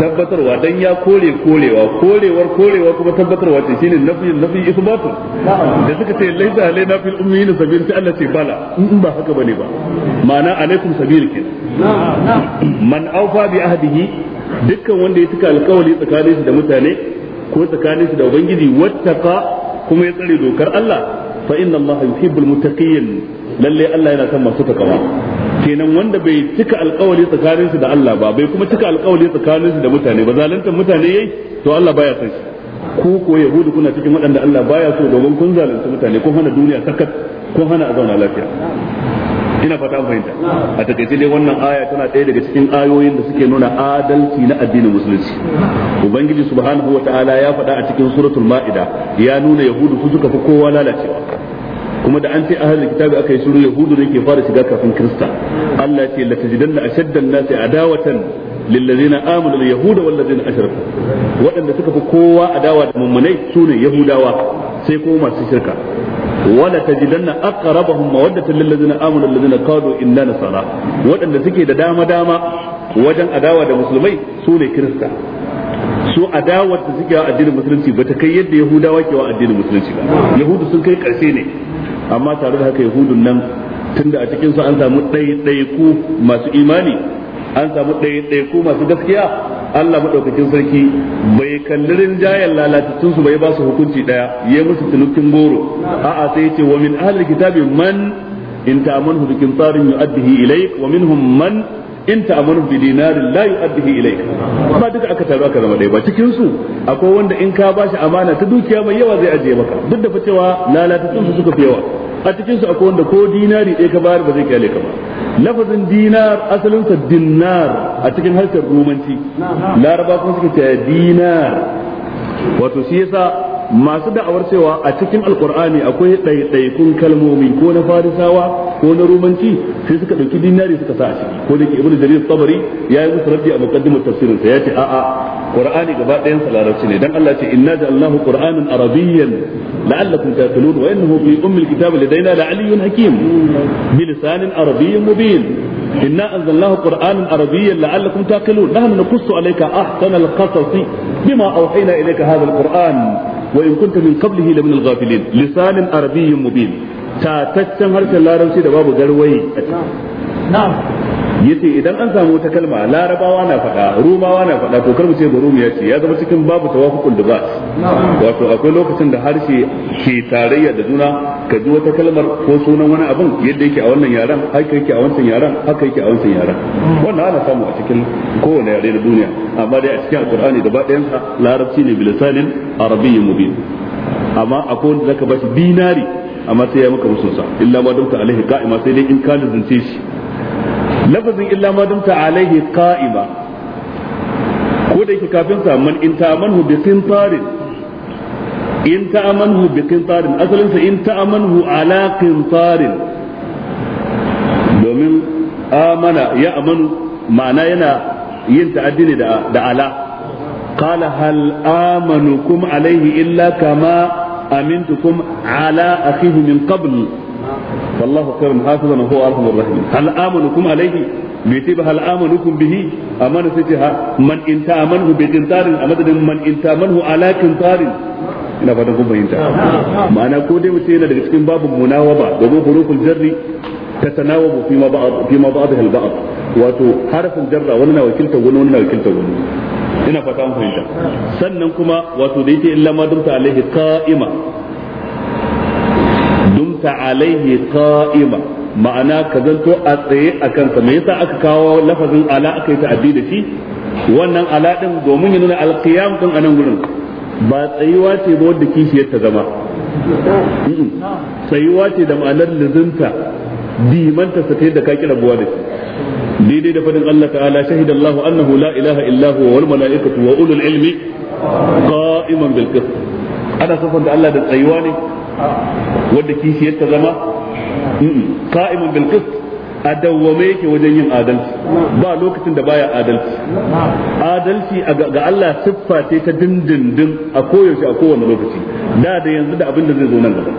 tabbatarwa dan ya kore korewa korewar korewa kuma tabbatarwa ce shine nafi nafi isbatu da suka ce laisa alaina fil ummiyin sabil ta Allah ce bala in ba haka bane ba ma'ana alaikum sabil kin man awfa bi ahdihi dukkan wanda ya tuka alƙawari tsakanin shi da mutane ko tsakanin shi da ubangiji wattaqa kuma ya tsare dokar Allah fa inna Allah yuhibbul muttaqin lalle Allah yana son masu takawa kenan wanda bai cika alkawali tsakanin shi da Allah ba bai kuma cika alkawali tsakanin shi da mutane ba zaluntar mutane yayi to Allah baya son shi ku ko yahudu kuna cikin waɗanda Allah baya so domin kun zalunta mutane kun hana duniya sakat kun hana a zauna lafiya ina fata fahimta a takaice dai wannan aya tana ɗaya daga cikin ayoyin da suke nuna adalci na addinin musulunci ubangiji subhanahu wataala ya faɗa a cikin suratul ma'ida ya nuna yahudu su suka fi kowa lalacewa kuma da an ce ahlul kitabi aka yi shiru yahudu ne ke fara shiga kafin kirista Allah ya ce la tajidanna ashaddan nasi adawatan للذين آمنوا اليهود والذين أشركوا وأن تكفوا قوة أداوة من مني سوني sai سيكون masu shirka. wala tajidanna aqrabahum mawaddatan lil ladzina amanu lil qalu inna nasara wadanda suke da dama dama wajen adawa da musulmai su ne kirista su adawar da suke wa addinin musulunci ba ta kai yadda yahudawa ke wa addinin musulunci ba yahudu sun kai karshe ne amma tare da haka yahudun nan tunda a cikin su an samu ɗaiɗaiku masu imani an samu ɗaiɗaiku masu gaskiya Allah maɗaukacin sarki bai kalli rinjayen lalatattun su bai ba su hukunci daya yayi musu tunukin goro a'a sai yace wa min ahli kitabi man in ta'amanhu bi qintarin yu'addihi ilayk wa minhum man in ta'amanhu bi dinarin la yu'addihi ilayk Amma duka aka taru aka zama ɗaya ba cikin su akwai wanda in ka bashi amana ta dukiya mai yawa zai ajiye maka duk da fa cewa lalatattun su suka fi yawa a cikin su akwai wanda ko dinari ɗaya ka bayar ba zai kyale ka ba lafazin dinar asalinsa dinar a cikin harshen romanci laraba kuma suka ce dinar wato shi yasa masu da'awar cewa a cikin alkur'ani akwai ɗaiɗaikun kalmomi ko na farisawa ko na rumanci sai suka ɗauki dinari suka sa a ciki ko da ke ibnu jarir tabari ya yi musu raddi a muqaddimat tafsirin sa yace a'a qur'ani gaba ɗayan sa larabci ne dan Allah ce inna ja'alnahu qur'anan arabiyyan la'allakum taqilun wa innahu fi ummil kitab ladaina la'aliyyun hakim bi lisanin arabiyyin mubin إنا أنزلناه قرآنا عربيا لعلكم تعقلون نحن نقص عليك أحسن القصص بما أوحينا إليك هذا القرآن wa in kunta min qablihi la min al-ghafilin lisanin arabiyyin mubin tataccen harshen larabci da babu garwayi. yace idan an samu wata kalma larabawa na faɗa rumawa na faɗa to karmu ce barumi ya ce ya zama cikin babu tawafuqul dibas wato akwai lokacin da harshe ke tarayya da juna ka ji wata kalmar ko sunan wani abin yadda yake a wannan yaran haka yake a wancan yaran haka yake a wancan yaran wannan ana samu a cikin kowane yare da duniya amma dai a cikin alqur'ani gaba ɗayan sa larabci ne bilisanin arabiyyin mubin amma akwai wanda zaka bashi dinari amma sai ya maka musunsa illa ma dumta alaihi qa'ima sai dai in ka zance shi lafazin illa ma dumta alaihi qa'ima ko da yake kafin sa man in ta'amanhu bi qintarin in ta'amanhu bi qintarin asalin sa in ta'amanhu ala qintarin domin amana ya amanu ma'ana yana yin ta'addi ne da da ala qala hal amanukum alaihi illa kama amintukum ala akhihi min qabl wallahu khairun hafizan huwa arhamur rahim hal amanukum alayhi bai ce ba hal amanukum bihi amma sai ce ha man in ta'amanu bi qintarin a man in ina fatan kun fahimta ma'ana ko dai mutum yana daga cikin babu ba domin huruful jarri tatanawabu fi ma fi ma ba'd al ba'd wato jarra wani na wakiltar wani wani na wakiltar wani ina fata mun fahimta sannan kuma wato da yake illa ma alaihi qa'ima kunta alaihi qa'ima ma'ana ka zanto a tsaye a kansa me yasa aka kawo lafazin ala aka yi ta'addi da shi wannan ala din domin ya nuna alqiyam din anan gurin ba tsayuwa ce ba wadda kishiyar ta zama tsayuwa ce da ma'anar lizinta dimanta sa ta yadda ka kira buwa da shi daidai da fadin Allah ta'ala shahida Allah annahu la ilaha illa huwa wal mala'ikatu wa ulul ilmi qa'iman bil qist ana Allah da tsayuwa ne Wanda kishiyar ta zama Ka'imun bil a dawwame yake wajen yin adalci ba lokacin da baya adalci adalci ga Allah siffa ce ta dindindin a koyaushe a kowane lokaci da da yanzu da abin da zai zo nan gaba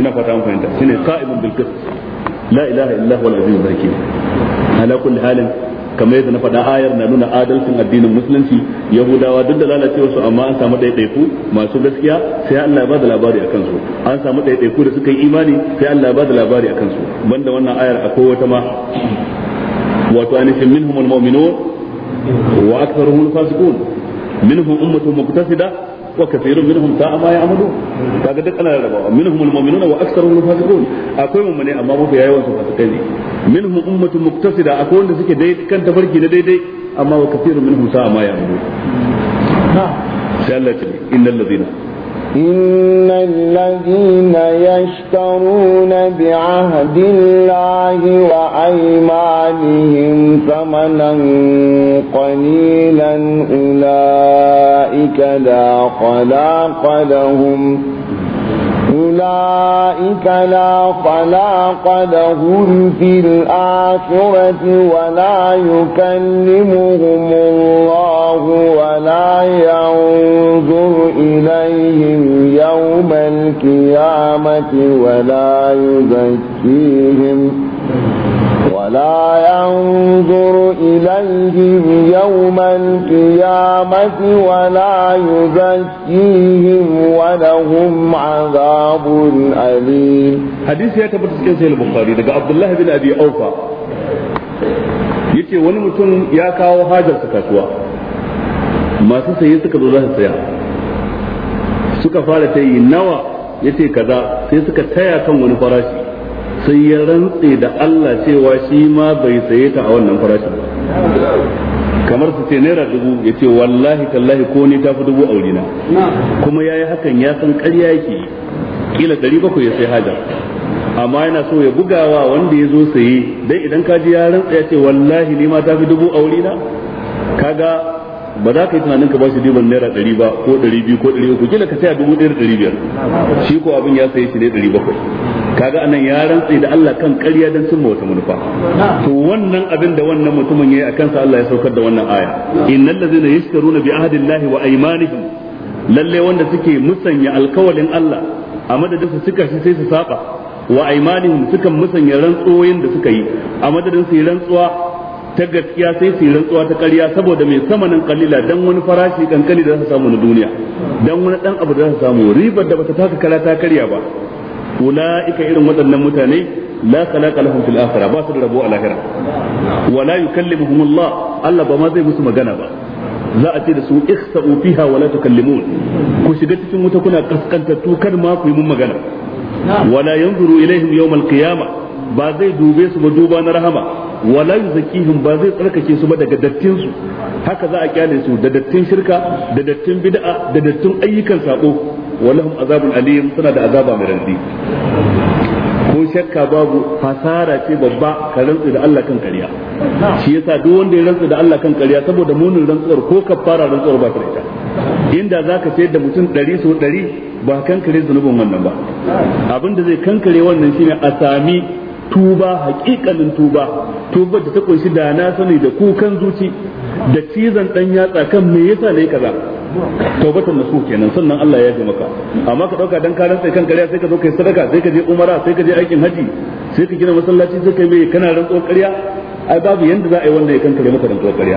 ina fata an fahimta shine qa'imun bil qist la ilaha illallah wal al-aziz hakim ala kulli halin kamar yadda na faɗa ayar na nuna adalcin addinin musulunci yahudawa duk da lalacewar su amma an samu ɗaiɗaiku masu gaskiya sai Allah ya bada labari akan su an samu ɗaiɗaiku da suka yi imani sai Allah ya bada labari akan su banda wannan ayar akwai wata ma wato anishin minhum almu'minun wa aktharuhum alfasiqun minhum ummatun muqtasida wa kathirun minhum sa'a ma kaga duk ana rabawa minhum almu'minuna wa aktharuhum alfasiqun akwai mummune amma mafi yawan su fasikai ne minhum ummatun muqtasida akwai wanda suke dai kan tafarki na daidai amma wa kathirun minhum sa'a ma ya'malu na sai Allah ya ce innal ladina إن الذين يشترون بعهد الله وأيمانهم ثمنا قليلا أولئك لا خلاق لهم أولئك لا خلاق لهم في الآخرة ولا يكلمهم الله ولا ينظر إليهم يوم القيامة ولا يزكيهم ولا ينظر إليهم يوم القيامة ولا يزكيهم ولهم عذاب أليم حديث يا كبر البخاري دقى عبد الله بن أبي أوفى yace ونمتن ياكا ya سكاكوا ما سيسك الله saye suka fara ta yi nawa ya yace kaza sai suka taya kan wani farashi sai ya rantse da Allah cewa shi ma bai saye ta a wannan farashin kamar su ce naira dubu ya ce wallahi tallahi ko ni ta fi dubu a wurina. kuma ya yi hakan ya san karya yake kila ɗari bakwai ya sai hajar amma yana so ya bugawa wanda ya zo saye dai idan ka ji ya rantsa ya ce wallahi ni ma ta fi dubu a wurina kaga ba za ka yi tunanin ka ba shi ribar naira ɗari ba ko ɗari biyu ko ɗari uku kila ka saya dubu ɗaya da ɗari biyar shi ko abin ya saye shi ne ɗari bakwai kaga anan ya rantsi da Allah kan ƙarya dan cimma wata manufa to wannan abin da wannan mutumin yayi akan sa Allah ya saukar da wannan aya innal ladzina yashtaruna bi ahdillahi wa aymanihim lalle wanda suke musanya alkawalin Allah a madadin su suka shi sai su saba wa aymanihim suka musanya rantsoyin da suka yi a madadin su rantsuwa ta gaskiya sai su rantsuwa ta ƙarya saboda mai samanin kalila dan wani farashi kankani da za su samu na duniya dan wani dan abu da za su samu ribar da bata taka kala ta karya ba ulaika irin waɗannan mutane la khalaqa lahum fil ba su da rabo a lahira wa la yukallimuhum Allah Allah ba ma zai musu magana ba za a ce da su ikhsa'u fiha wa la tukallimun ku shiga cikin wuta kuna kaskantattu kar ma ku yi mun magana wa la yanzuru ilaihim yawm al ba zai dube su ba duba na rahama wala yuzakihim ba zai tsarkake su ba daga dattin su haka za a kyale su da dattin shirka da dattin bid'a da dattin ayyukan sako walahum azabun alim suna da azaba mai randi ko shakka babu fasara ce babba ka rantsu da Allah kan kariya shi yasa duk wanda ya rantsu da Allah kan kariya saboda munin rantsuwar ko kafara rantsuwar ba ta ita inda zaka sayar da mutum 100 so 100 ba kankare zunubin wannan ba abinda zai kankare wannan shine a sami tuba haƙiƙanin tuba tuba da ta kunshi da na sani da kukan zuci da cizon dan yatsa kan me yasa ne kaza taubatar nasu kenan sannan Allah ya ji maka amma ka dauka dan karan sai kan kariya sai ka zo kai sadaka sai ka je umara sai ka je aikin haji sai ka gina masallaci sai ka mai kana rantsuwar kariya ai babu yanda za a yi wanda ya kankare maka dan ƙarya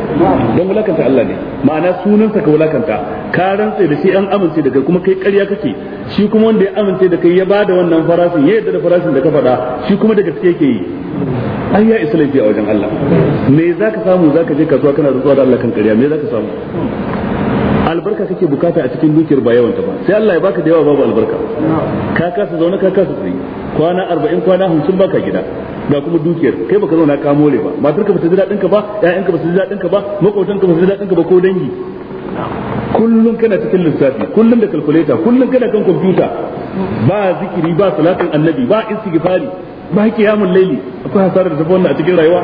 don wulakanta Allah ne ma'ana sunansa ka wulakanta ka rantsa da shi an amince da kai kuma kai ƙarya kake shi kuma wanda ya amince da kai ya bada wannan farashin ya yarda da farashin da ka faɗa shi kuma da gaske yake yi ai ya isa laifi a wajen Allah me zaka samu zaka je kasuwa kana rantsuwa da Allah kan ƙarya me zaka samu albarka kake bukata a cikin dukiyar ba yawan ta ba sai Allah ya baka da yawa babu albarka ka kasa zaune ka kasa tsaye kwana 40 kwana 50 baka gida ga kuma dukiyar kai baka zauna ka more ba matar ka bata ji dadin ka ba ƴaƴan ka su ji dadin ka ba makotan ka su ji dadin ka ba ko dangi kullun kana cikin lissafi kullun da calculator kullun kana kan computer ba zikiri ba salatin annabi ba istighfari ba yamun laili akwai hasarar da wannan a cikin rayuwa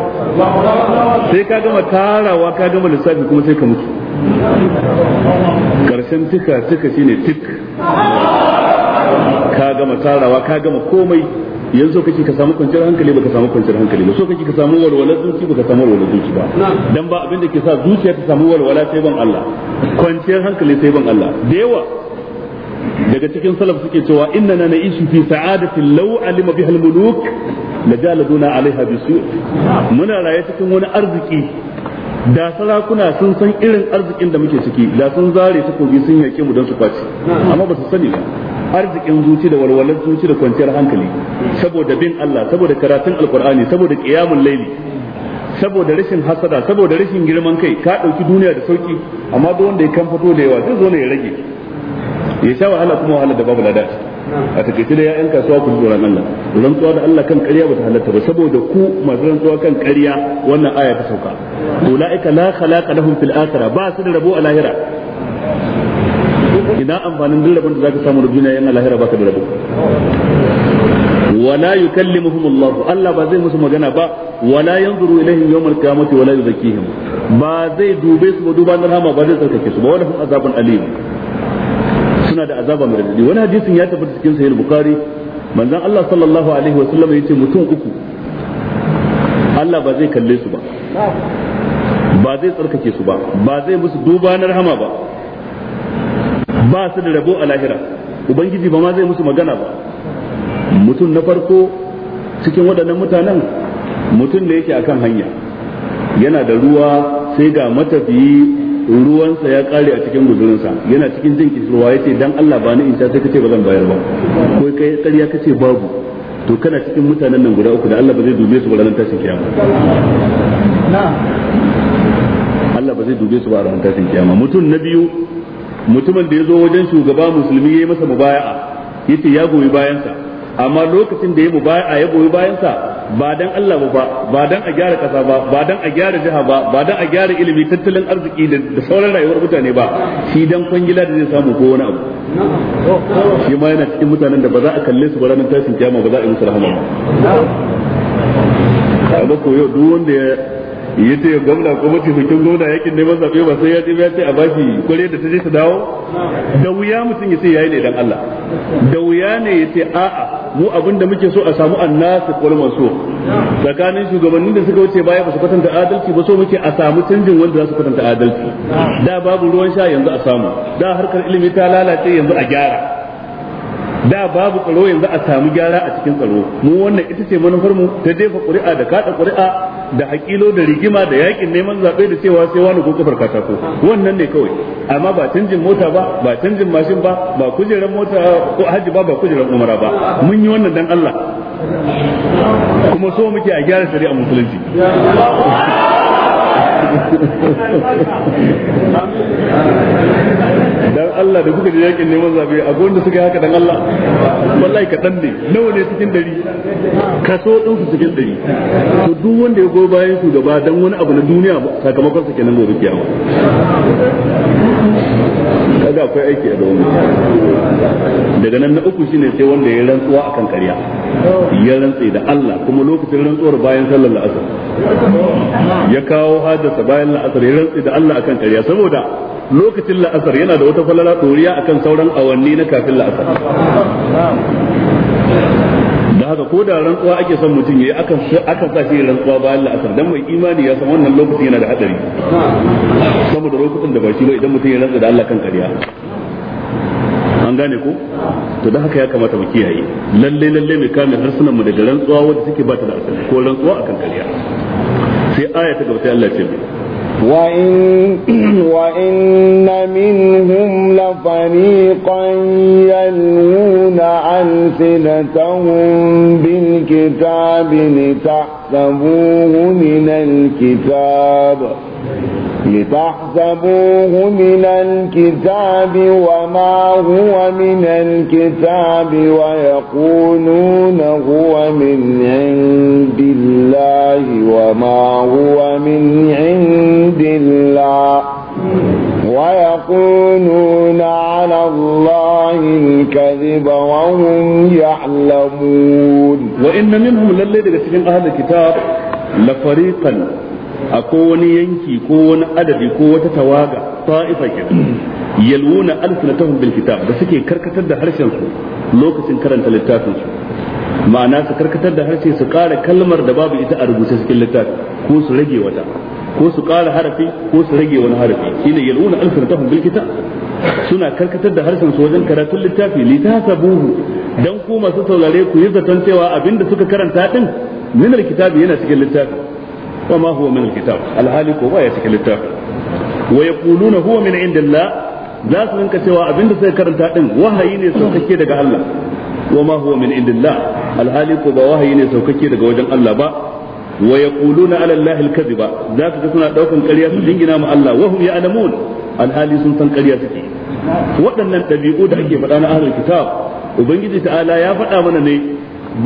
sai ka gama tarawa ka gama lissafi kuma sai ka mutu karshen tuka tuka shine tik ka gama tarawa ka gama komai yanzu so kake ka samu kwanciyar hankali baka samu kwanciyar hankali ba so kake ka samu walwalar zuci baka samu walwalar zuci ba dan ba abin da ke sa zuciya ta samu walwala sai ban Allah kwanciyar hankali sai ban Allah da yawa daga cikin salaf suke cewa innana na'ishu fi sa'adatin law alima biha al-muluk lajaladuna alaiha bisu muna raye cikin wani arziki da sarakuna sun san irin arzikin da muke ciki da sun zare takobi sun yake mu don su kwace amma ba su sani ba arzikin zuci da walwalar zuci da kwanciyar hankali saboda bin Allah saboda karatun alkur'ani saboda qiyamul layli saboda rashin hasada saboda rashin girman kai ka dauki duniya da sauki amma duk wanda ya kan fito da yawa zai zo ne ya rage ya sha wahala kuma wahala da babu lada a takaice da ya'yan kasuwa ku tsoron Allah rantsuwa da Allah kan ƙarya bata halatta ba saboda ku masu rantsuwa kan ƙarya wannan aya ta sauka ulaika la khalaqa lahum fil akhirah ba su da rabo a lahira idan amfanin duk rabon da zaka samu da duniya yana lahira baka da rabo wala yukallimuhum Allah Allah ba zai musu magana ba wala yanzuru ilaihim yawmal qiyamati wala yuzakkihim ba zai dube su ba duba na rahama ba zai tsarkake su ba wala hum azabun alim suna da azaba mai radadi wani hadisin ya tabbata cikin sahih bukhari manzon Allah sallallahu alaihi wa sallam yace mutum uku Allah ba zai kalle su ba ba zai tsarkake su ba ba zai musu duba na rahama ba ba su da rabo a lahira ubangiji ba ma zai musu magana ba mutum na farko cikin waɗannan mutanen mutum da yake akan hanya yana da ruwa sai ga matafiyi ruwansa ya kare a cikin guzurinsa yana cikin jin kishirwa ya ce dan Allah ba ni in sai kace ba zan bayar ba ko kai ƙarya kace babu to kana cikin mutanen nan guda uku da Allah ba zai dube su ba ranar tashin kiyama Allah ba zai dube su ba ranar tashin kiyama mutum na biyu mutumin da ya zo wajen shugaba musulmi ya yi masa mubaya'a yace ya goyi bayansa amma lokacin da ya mubaya'a ya goyi bayansa ba dan Allah ba ba dan a gyara kasa ba ba dan a gyara jiha ba ba dan a gyara ilimi tattalin arziki da sauran rayuwar mutane ba shi dan kwangila da zai samu ko wani abu shi ma yana cikin mutanen da ba za a kalle su ba ranar tashin kiyama ba za a yi musu rahama ba ko yau duk wanda ya yace gwamna ko mataimakin gwamna yakin neman zaɓe ba sai ya ya ce a bashi kwari da ta je ta dawo da wuya mutum ya ce ya yi ne dan Allah da wuya ne ya ce a'a mu da muke so a samu annasu wal so. tsakanin shugabannin da suka wuce baya ba su kwatanta adalci ba so muke a samu canjin wanda za su kwatanta adalci da babu ruwan sha yanzu a samu da harkar ilimi ta lalace yanzu a gyara da babu tsaro yanzu a samu gyara a cikin tsaro mu wannan ita ce manufar mu ta jefa ƙuri'a da kada ƙuri'a da hakilo da rigima da yakin neman zaɓe da cewa sai wani ko kafar katako wannan ne kawai amma ba canjin mota ba ba canjin mashin ba ba kujerar mota ko haji ba ba kujerar umara ba mun yi wannan dan Allah kuma so muke a gyara shari'a musulunci dan Allah da kuka ji yakin neman zabe a da suka haka dan Allah wallahi dan ne nawa ne cikin dari kaso din su cikin dari to duk wanda ya goyi bayan gaba dan wani abu na duniya sakamakon sa kenan gobe kiyama kaga akwai aiki a gaban daga nan na uku shine sai wanda ya rantsuwa akan kariya. ya rantse da Allah kuma lokacin rantsuwar bayan sallar la'asar ya kawo hadasa bayan la'asar ya rantse da Allah akan kariya saboda lokacin la'asar yana da wata falala ɗoriya akan sauran awanni na kafin la'asar da haka ko da rantsuwa ake son mutum yayi akan akan sa shi rantsuwa bayan la'asar don mai imani ya san wannan lokacin yana da hadari saboda lokacin da ba shi ba idan mutum ya rantsa da Allah kan kariya an gane ko to da haka ya kamata mu kiyaye lalle lalle mai kame harsunan mu daga rantsuwa wanda suke ba ta da asali ko rantsuwa akan kariya sai aya ta gaba sai Allah ce وإن, وإن منهم لفريقا يلون ألسنتهم بالكتاب لتحسبوه من الكتاب لتحسبوه من الكتاب وما هو من الكتاب ويقولون هو من عند الله وما هو من عند الله ويقولون على الله الكذب وهم يعلمون وإن منهم للذي يسجن أهل الكتاب لفريقا akwai wani yanki ko wani adadi ko wata tawaga ta'ifa kenan yalwuna alsinatahum bil kitab da suke karkatar da harshen su lokacin karanta littafin su ma'ana su karkatar da harshe su ƙara kalmar da babu ita a rubuce cikin littafi ko su rage wata ko su ƙara harafi ko su rage wani harafi shine yalwuna alsinatahum bil kitab suna karkatar da harshen su wajen karatun littafi litasabuhu dan ku masu saurare ku yi zaton cewa abinda suka karanta din min alkitabi yana cikin littafi wa ma huwa min alkitab alhali ko ba ya cikin littafin wa yaquluna huwa min indillah za su rinka cewa abinda sai karanta din wahayi ne saukake daga Allah wa ma huwa min indillah alhali ko ba wahayi ne saukake daga wajen Allah ba wa yaquluna ala allahi alkadhiba za ka ga suna ɗaukan ƙarya su dingina ma Allah wa hum ya'lamun alhali sun san ƙarya suke waɗannan ɗabi'u da ake faɗa na ahlul kitab ubangiji ta'ala ya faɗa mana ne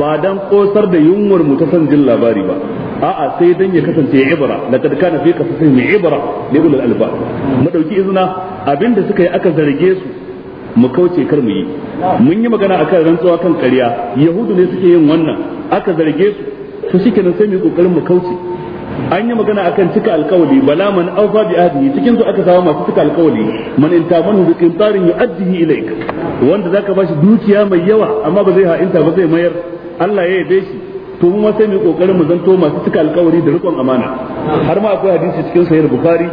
ba dan kosar da yunwar mu ta san jin labari ba a'a sai dan ya kasance ibra laqad kana fi qasasihim ibra li ulul albab mu dauki izina abinda suka yi aka zarge su mu kauce kar mu yi mun yi magana akan rantsuwa kan ƙarya yahudu ne suke yin wannan aka zarge su su shike nan sai mu kokarin mu kauce an yi magana akan cika alkawali bala man awfa bi ahdihi cikin su aka samu masu cika alkawali man intamanu bi qintarin yu'addihi ilayk wanda zaka bashi dukiya mai yawa amma ba zai ha'inta ba zai mayar Allah ya yabe shi to mu sai mu kokarin mu zanto masu cika alkawari da rikon amana har ma akwai hadisi cikin sahih bukhari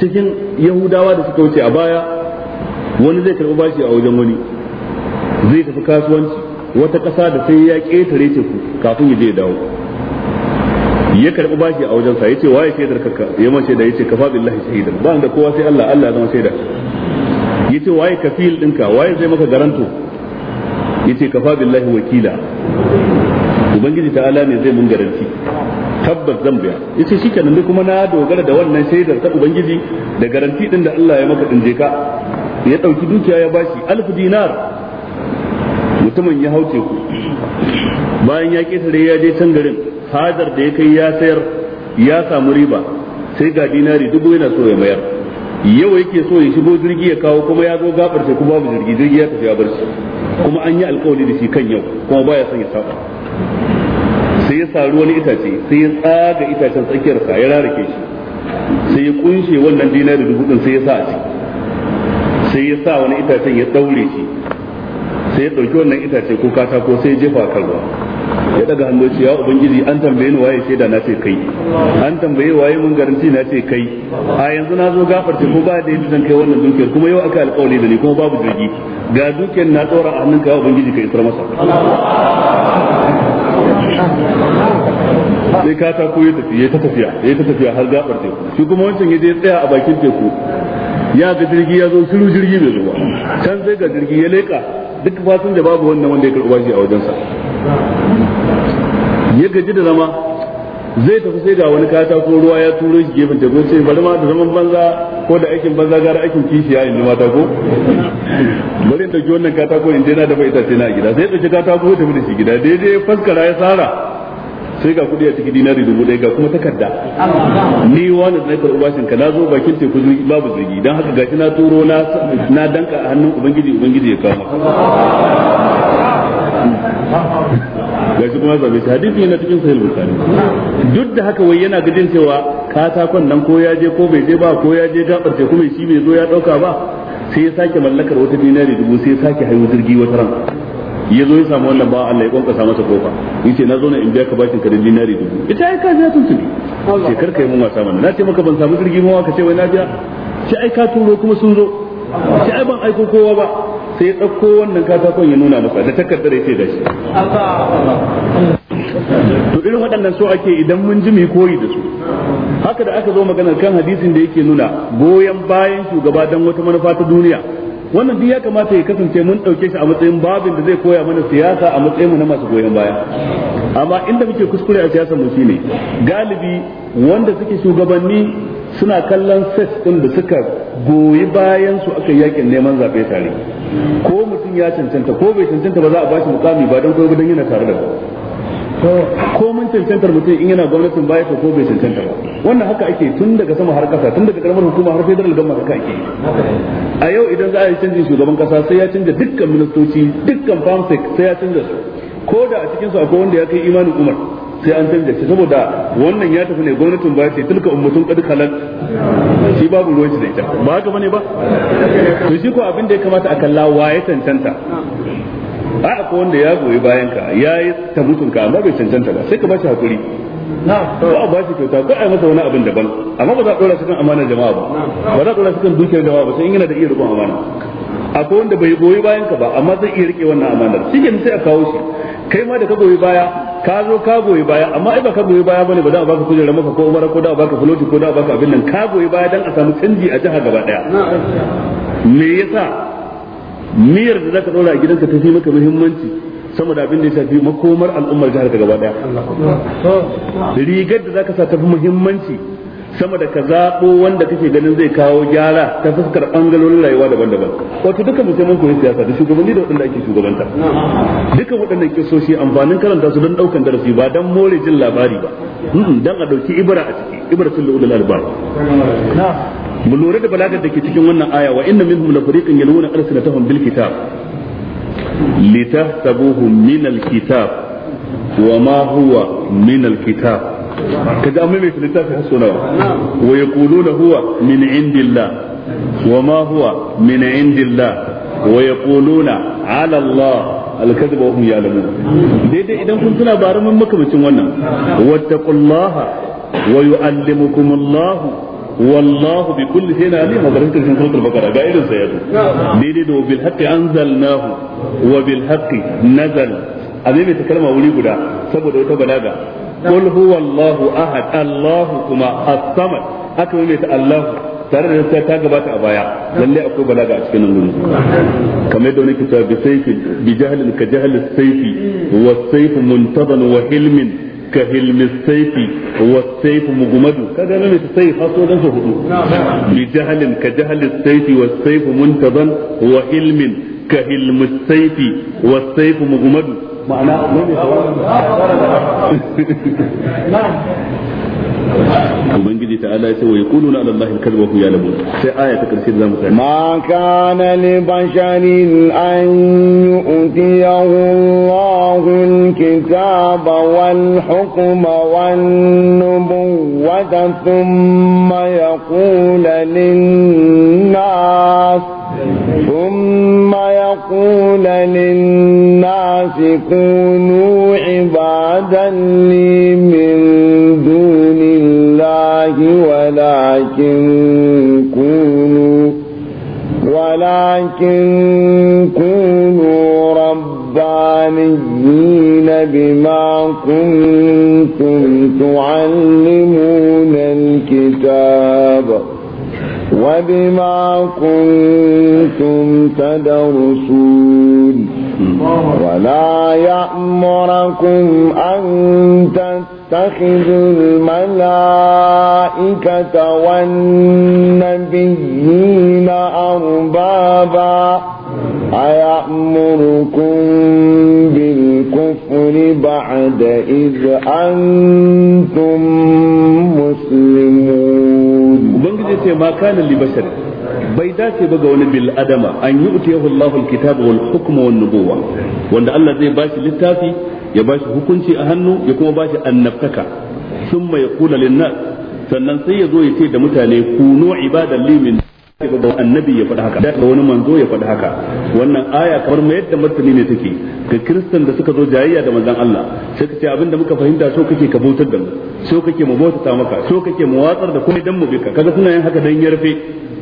cikin yahudawa da suka wuce a baya wani zai karɓi bashi a wajen wani zai tafi kasuwanci wata ƙasa da sai ya ƙetare teku kafin ya je ya dawo ya karɓi bashi a wajen ya ce wa ya shaidar kaka ya ma shaida ya kafa billahi shahidan ba da kowa sai Allah Allah ya zama shaida ya ce waye kafil ɗinka waye zai maka garanto ya ce kafa billahi wakila ubangiji ala ne zai mun garanti tabbas zan biya yace shikenan dai kuma na dogara da wannan shaidar ta ubangiji da garanti din da Allah ya maka din je ka ya dauki dukiya ya bashi alf dinar mutumin ya hauke ku bayan ya ketare ya je can garin hajar da ya kai ya sayar ya samu riba sai ga dinari dubu yana so ya mayar yau yake so ya shigo jirgi ya kawo kuma ya zo gabar sai kuma babu jirgi jirgi ya tafi ya bar shi kuma an yi alkawari da shi kan yau kuma baya son ya saba sai ya sari wani itace sai ya tsaga itacen tsakiyar sa ya rarake shi sai ya kunshe wannan dinari dubu din sai ya sa a ciki sai ya sa wani itacen ya daure shi sai ya dauki wannan itace ko katako sai ya jefa kalwa ya daga hannu shi ya ubangiji an tambaye ni waye shaida na ce kai an tambaye waye mun garanti na ce kai a yanzu na zo ce ko ba da yadda zan kai wannan dukiyar kuma yau aka alƙawari da ni kuma babu jirgi ga dukiyar na tsora a hannunka ya ubangiji ka isar masa sai ka ta koyi tafi ya ta tafiya ya ta tafiya har gabar teku shi kuma wancan ya je tsaya a bakin teku ya ga jirgi ya zo shiru jirgi bai zuwa ba can sai ga jirgi ya leka duk fasin da babu wannan wanda ya karɓa shi a wajensa ya gaji da zama zai tafi sai ga wani katako ruwa ya turo shi gefen teku sai bari ma da zaman banza ko da aikin banza gara aikin kishiya ya inda mata ko bari in dauki wannan katako in je na dafa itace na gida sai dauki katako ko tafi da shi gida daidai faskara ya tsara sai ga kudi a tiki dinari dubu ɗaya ga kuma takarda ni wani zai karɓi bashin ka na zo bakin teku babu zargi don haka gashi na turo na na danka a hannun ubangiji ubangiji ya kawo gashi kuma zabe shi hadisi yana cikin sahih bukhari duk da haka wai yana gidin cewa katakon nan ko ya je ko bai je ba ko ya je gabar teku kuma shi bai zo ya dauka ba sai ya sake mallakar wata dinari dubu sai ya sake hayo jirgi wata ran ya zo ya samu wannan ba Allah ya kwankwasa masa kofa yace na zo na in biya ka bashin ka da dinari dubu ita ai ka biya tuntuni sai kar yi mun wasa mana na ce maka ban samu jirgi ma ka ce wai na biya sai ai ka turo kuma sun zo sai ai ban aiko kowa ba sai ya wannan katakon ya nuna maka da takardar ya ce da shi to irin waɗannan so ake idan mun ji mai koyi da su haka da aka zo maganar kan hadisin da yake nuna goyon bayan shugaba don wata manufa ta duniya wannan duk ya kamata ya kasance mun ɗauke shi a matsayin babin da zai koya mana siyasa a matsayin mu na masu goyon baya amma inda muke kuskure a siyasar mu shine galibi wanda suke shugabanni suna kallon ses ɗin da suka goyi bayan su aka yakin neman zaɓe tare ko mutum ya cancanta ko bai cancanta ba za a bashi mukami ba don koyo don yana tare da ko mun cancantar mutum in yana gwamnatin baya ko bai cancanta ba wannan haka ake tun daga sama har kasa tun daga karamar hukuma har federal gama haka ake a yau idan za a yi canjin shugaban kasa sai ya canja dukkan ministoci dukkan farm sai ya canja su ko da a cikin su akwai wanda ya kai imanin umar sai an tantance saboda wannan ya tafi ne gwamnatin ba ce tilka ummatun qad khalat shi babu ruwan da ita ba haka bane ba to shi ko abin da ya kamata a kalla waye tantanta a ko wanda ya goyi bayan ka ya yi ta mutunka amma bai tantanta ba sai ka bashi hakuri ko a bashi kyauta ko a masa wani abin daban amma ba za a dora shi kan amanar jama'a ba ba za a dora shi kan dukiyar jama'a ba sai in yana da iya rubun amana akwai wanda bai goyi bayan ka ba amma zai iya rike wannan amanar shi sai a kawo shi kai ma da ka goyi baya ka zo ka goyi baya amma ai ba goyi baya bane ba da baka kujera maka ko umara ko da baka fuloti ko da baka abin nan ka goyi baya dan a samu canji a jiha gaba daya me yasa miyar da zaka dora a gidanka ta fi maka muhimmanci sama da abin da ya shafi makomar al'ummar jihar ka gaba daya rigar da zaka sa ta fi muhimmanci sama da ka zaɓo wanda kake ganin zai kawo gyara ta fuskar ɓangarorin rayuwa daban-daban wato duka mu mun koyi siyasa da shugabanni da waɗanda ake shugabanta duka waɗannan kisoshi amfanin karanta su don ɗaukan darasi ba don more jin labari ba don a ɗauki ibra a ciki ibra sun la'udul albar mu lura da balagar da ke cikin wannan aya wa inna minhum la fariqan yaluna alsinatahum bil kitab litahsabuhu min al kitab wa ma huwa min al kitab kaji an mai littafin har sonawa wa yaquluna huwa min indillah wa ma huwa min indillah wa yaquluna ala Allah alkadaba wa ya ya'lamun daidai idan kun tuna bara mun makamacin wannan wattaqullaha wa yu'allimukumullahu والله بكل شيء عليم هذا ذكر في سوره البقره قائل سيد ديدي وبالحق انزلناه وبالحق نزل abin mai takalma wuri guda saboda wata balaga qul huwallahu ahad allahu kuma as-samad aka yi ta allahu tare da sai ta gabata a baya lalle akwai balaga a cikin nan kamar da wani kitabu bi sayfi bi jahalin ka jahl sayfi wa sayfu muntadan wa hilmin ka hilmi sayfi wa sayfu mugmadu Ka nan ta sayfi haso dan su hudu bi jahlin ka jahl sayfi wa sayfu muntadan wa hilmin ka hilmi sayfi wa sayfu mugmadu معناه أظن نعم ubangiji ta ala ce wa yaquluna ala allahi kalma hu yalamun sai aya ta karshe zamu kai ma kana li basharin an yu'tiyahu allahu alkitaba wal hukma wan nubuwwata thumma yaqulu lin nas thumma yaqulu lin فكونوا عبادا لي من دون الله ولكن كونوا ولكن كونوا ربانيين بما كنتم تعلمون الكتاب وبما كنتم تدرسون ولا يأمركم أن تتخذوا الملائكة والنبيين أربابا أيأمركم الكفر بعد إذ أنتم مسلمون بنجد ما كان لبشر bai dace ba ga wani bil'adama adama an yi utiyahu Allahu alkitab wal hukm wan wanda Allah zai bashi littafi ya bashi hukunci a hannu ya kuma bashi annabtaka thumma yaqulu kula nas sannan sai ya zo ya ce da mutane kunu ibadan li da annabi ya faɗi haka da wani manzo ya faɗi haka wannan aya kamar mai yadda martani ne take ga kristan da suka zo jayayya da manzon Allah sai ka ce abinda muka fahimta so kake ka bautar da mu so kake mu bauta ta maka so kake mu watsar da kuma dan mu bika kaga suna yin haka dan yarfe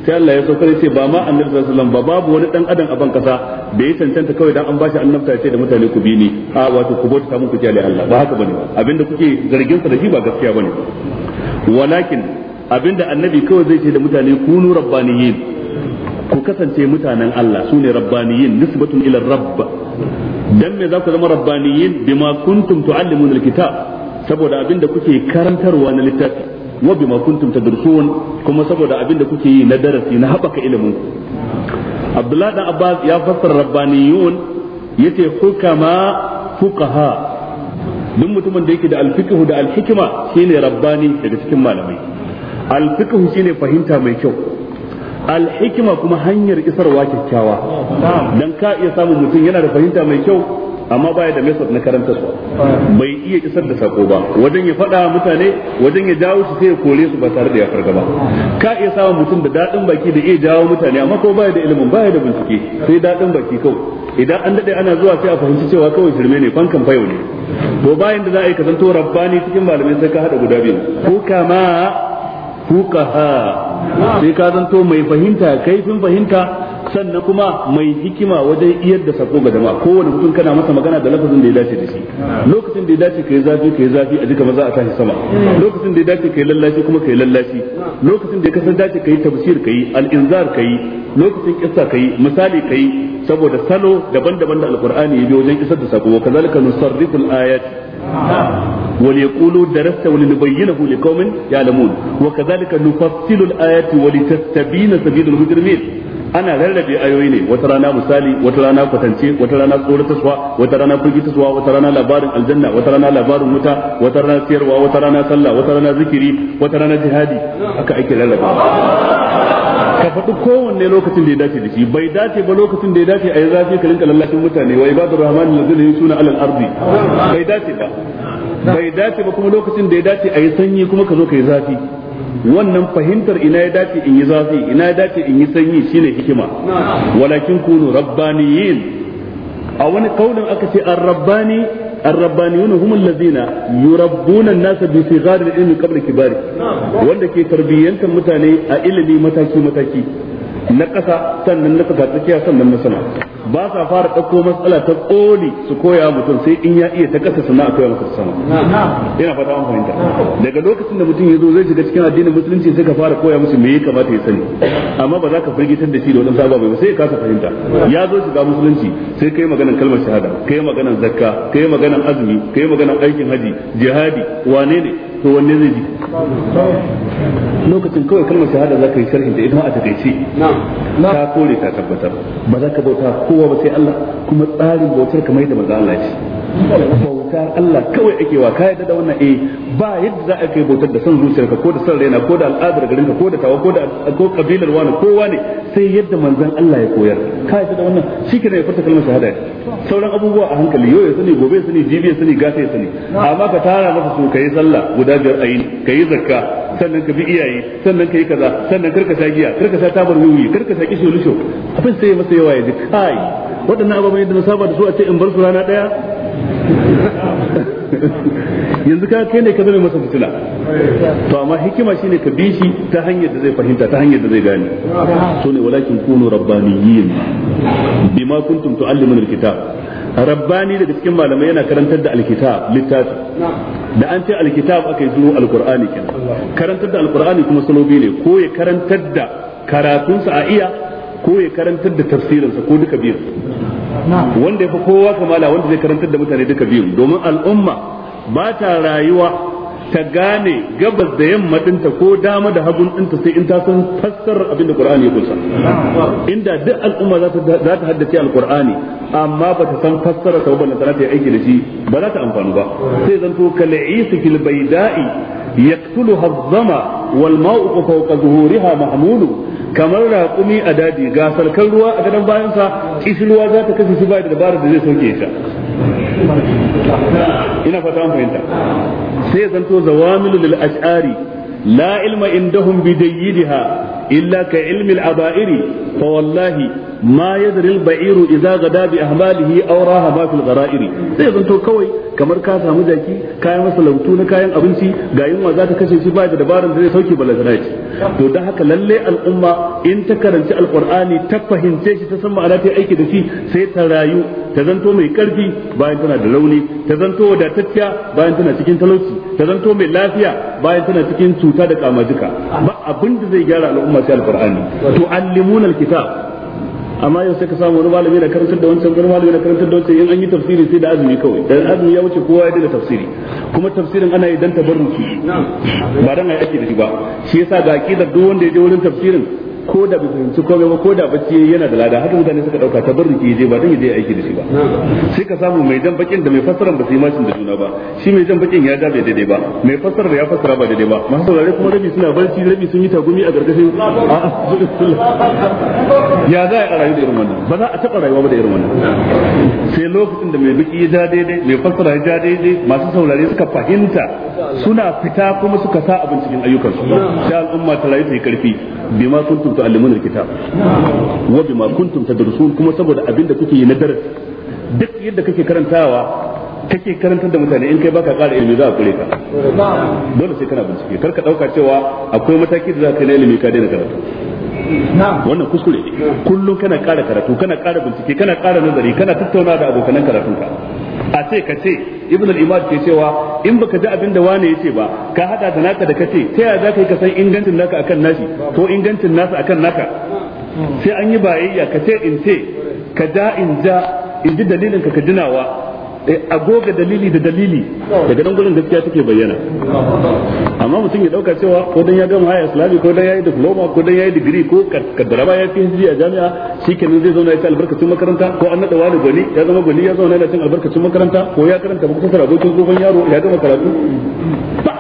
sai Allah ya saukar sai ba ma annabi sallallahu alaihi wasallam ba babu wani dan adam a ban kasa da ya cancanta kawai dan an bashi annabta ya ce da mutane ku bi ni a wato ku bauta mun ku kiyaye Allah ba haka bane ba abinda kuke zargin sa da shi ba gaskiya bane walakin abinda annabi kawai zai ce da mutane kunu rabbaniyin ku kasance mutanen Allah su ne rabbaniyin nisbatun ila rabba. dan me za ku zama rabbaniyin bima kuntum tuallimuna alkitab saboda abinda kuke karantarwa na littafi wa bima kuntum tadrusun kuma saboda abinda kuke yi na darasi na habaka ilimin Abdullahi dan Abbas ya fassara rabbaniyun yace hukama fuqaha duk mutumin da yake da alfiqhu da alhikma shine rabbani daga cikin malamai alfiqhu shine fahimta mai kyau alhikima kuma hanyar isarwa kyakkyawa dan ka iya samun mutum yana da fahimta mai kyau amma baya da method na karanta su bai iya isar da sako ba wajen ya faɗa mutane wajen ya jawo su sai ya kore su ba tare da ya farga ba ka iya samun mutum da daɗin baki da iya jawo mutane amma ko baya da ilimin baya da bincike sai daɗin baki kawai idan an daɗe ana zuwa sai a fahimci cewa kawai shirme ne fankan fayo ne to bayan da za a yi ka zanto rabbani cikin malamai sai ka haɗa guda biyu ko kama fuqaha sai ka zanto mai fahimta kaifin fahimta sannan kuma mai hikima wajen iyar da sako ga jama'a kowane mutum kana masa magana da lafazin da ya dace da shi lokacin da ya dace kai zafi kai zafi a jika maza a tashi sama lokacin da ya dace kai lallashi kuma kai lallashi lokacin da ya kasance dace kai tafsir kai al-inzar kai lokacin kissa kai misali kai saboda salo daban-daban da alqur'ani ya bi wajen isar da sako kazalika al ayat وليقولوا درست ولنبينه لقوم يعلمون وكذلك نفصل الآيات ولتستبين سبيل المجرمين ana rarrabe ayoyi ne wata rana misali wata rana kwatance wata rana tsoratarwa wata rana firgitarwa wata rana labarin aljanna wata rana labarin wuta wata rana siyarwa wata rana sallah wata rana zikiri wata rana jihadi aka ake rarraba ka faɗi kowanne lokacin da ya dace da shi bai dace ba lokacin da ya dace a yi zafi ka rinka lallashin mutane wa ibadu rahman yi suna alal ardi bai dace ba bai dace ba kuma lokacin da ya dace a yi sanyi kuma ka zo ka yi zafi wannan fahimtar ina ya dace in yi zafi ina ya dace in yi sanyi shine hikima walakin kunu rabbaniyin a wani kaulin aka ce ar-rabbani الربانيون هم الذين يربون الناس بصغار العلم قبل كباره wanda ke tarbiyyantar mutane a ilimi mataki mataki na ƙasa sannan na tsakiya sannan na ba sa fara ɗauko matsala ta ƙoli su koya mutum sai in ya iya ta ƙasa sana a koya masa sama yana fata an fahimta daga lokacin da mutum ya zo zai shiga cikin addinin musulunci sai ka fara koya musu me ya kamata ya sani amma ba za ka firgitar da shi da wani ababai ba sai ya kasa fahimta ya zo shiga musulunci sai kai maganan kalmar shahada kai maganan zakka kai maganan azumi ka yi maganan aikin haji jihadi wane ne to wanne zai ji lokacin kawai kalmar shahada za ka yi sharhin da ita a takaice ta kore ta tabbatar ba za ka bauta kowa ba sai Allah kuma tsarin bautar kamar da maza Allah ce bautar Allah kawai ake wa ka yadda da wannan eh ba yadda za a kai bautar da san zuciyarka ko da san raina ko da al'adar garinka ko da tawa ko da ko kabilar wani kowa ne sai yadda manzon Allah ya koyar ka yadda da wannan shikenan ya furta kalmar shahada sauran abubuwa a hankali yau ya sani gobe ya sani jibi ya sani gata ya sani amma ka tara maka su kai sallah guda biyar ayi kai zakka sannan ka bi iyaye sannan ka yi kaza sannan karka sha giya karka sha tabar wiwi karka sha kishi lusho abin sai masa yawa ya ji kai waɗannan ababen yadda na saba da su a ce in bar su rana ɗaya yanzu ka kai ne ka zama masa fitila to amma hikima shine ka bi shi ta hanyar da zai fahimta ta hanyar da zai gane To ne walakin kunu rabbaniyin bima kuntum tuallimuna alkitab rabbani daga cikin malamai yana karantar da alkitab littafi da an ce alkitab aka yi zuru alqur'ani kenan karantar da alqur'ani kuma salobi ne ko ya karantar da karatunsa a iya ko ya karantar da tafsirinsa ko duka biyu wanda ya fi kowa kamala wanda zai karantar da mutane duka biyun domin al'umma ba ta rayuwa ta gane gabas da yamma dinta ko dama da hagun dinta sai in ta san fassarar abin da Qur'ani ya kunsa inda duk al'umma za ta za ta haddace alqur'ani amma ba ta san fassarar ta wannan ta yi aiki da shi ba za ta amfanu ba sai zanto kal'is fil baida'i yaqtuluha adh-dhama wal ma'u fawqa zuhuriha mahmulu kamar raƙumi a daji ga salkan ruwa a gadon bayansa kishirwa za ta kashe shi ba da dabarar da zai sauke ta ina fata an fahimta sai zanto zawamilu lil ash'ari la ilma indahum bidayyidha Illa ka إلا كعلم الأبائر فوالله ما يدري البعير إذا غدا بأهماله أو راها في iri. sai zanto kawai kamar ka samu jaki kayan masalautu na kayan abinci ga yunwa za ta kashe shi ba da dabarar da zai sauke balagana to don haka lallai al'umma in ta karanci alqur'ani ta fahimce shi ta san ma'ana ta aiki da shi sai ta rayu ta zanto mai karfi bayan tana da launi ta zanto wadatacciya bayan tana cikin talauci ta zanto mai lafiya bayan tana cikin cuta da kamajika ba abin da zai gyara al'umma sai alqur'ani to allimuna alkitab amma yau sai ka samu wani malami na karantar da wancan wani malami na karantar da wancan in an yi tafsiri sai da azumi kawai dan azumi ya wuce kowa ya daga tafsiri kuma tafsirin ana yi dan tabarruki ba dan ai ake da shi ba shi yasa ga aqidar duk wanda ya je wurin tafsirin ko da bai fahimci komai ba ko da bacci yana da lada haka mutane suka dauka tabarruki je ba dan yaje aiki da shi ba sai ka samu mai jan bakin da mai fassara ba su yi mashin da juna ba shi mai jan bakin ya da bai daidai ba mai fassara ya fassara ba daidai ba masu saurare kuma rabi suna barci rabi sun yi tagumi a gargashin ya za a rayu da irin wannan ba za a taɓa rayuwa ba da irin wannan sai lokacin da mai baki ya ja daidai mai fassara ya ja daidai masu saurare suka fahimta suna fita kuma suka sa abin cikin ayyukansu sai al'umma ta rayu ta yi karfi bima kuntum tu'allimuna alkitab wa bima kuntum tadrusun kuma saboda abinda kuke yi na darasi duk yadda kake karantawa kake karantar da mutane in kai baka ƙara ilimi za a kure ka dole sai kana bincike kar ka dauka cewa akwai mataki da za ka yi na ilimi ka daina karatu wannan kuskure ne kullum kana ƙara karatu kana ƙara bincike kana ƙara nazari kana tattauna da abokanan karatunka a ce ka ce ibn al-imad ke cewa in baka ji abin da wane yace ba ka hada da naka da kace ta ya zaka yi ka san ingancin naka akan nashi ko ingancin nasa akan naka sai an yi bayayya ka ce in ce ka ja in ja in ji dalilin ka ka jinawa A goga dalili da dalili daga nan gurin gaskiya take bayyana amma mutum ya dauka cewa ko dan ya gama haya islami ko dan yayi diploma ko dan yayi digiri ko kaddaraba ya PhD a jami'a shikenan zai zauna ya ci albarkacin makaranta ko an nada wani gwani ya zama gwani ya zauna yana cin albarkacin makaranta ko ya karanta ba abokin tsohon yaro ya gama karatu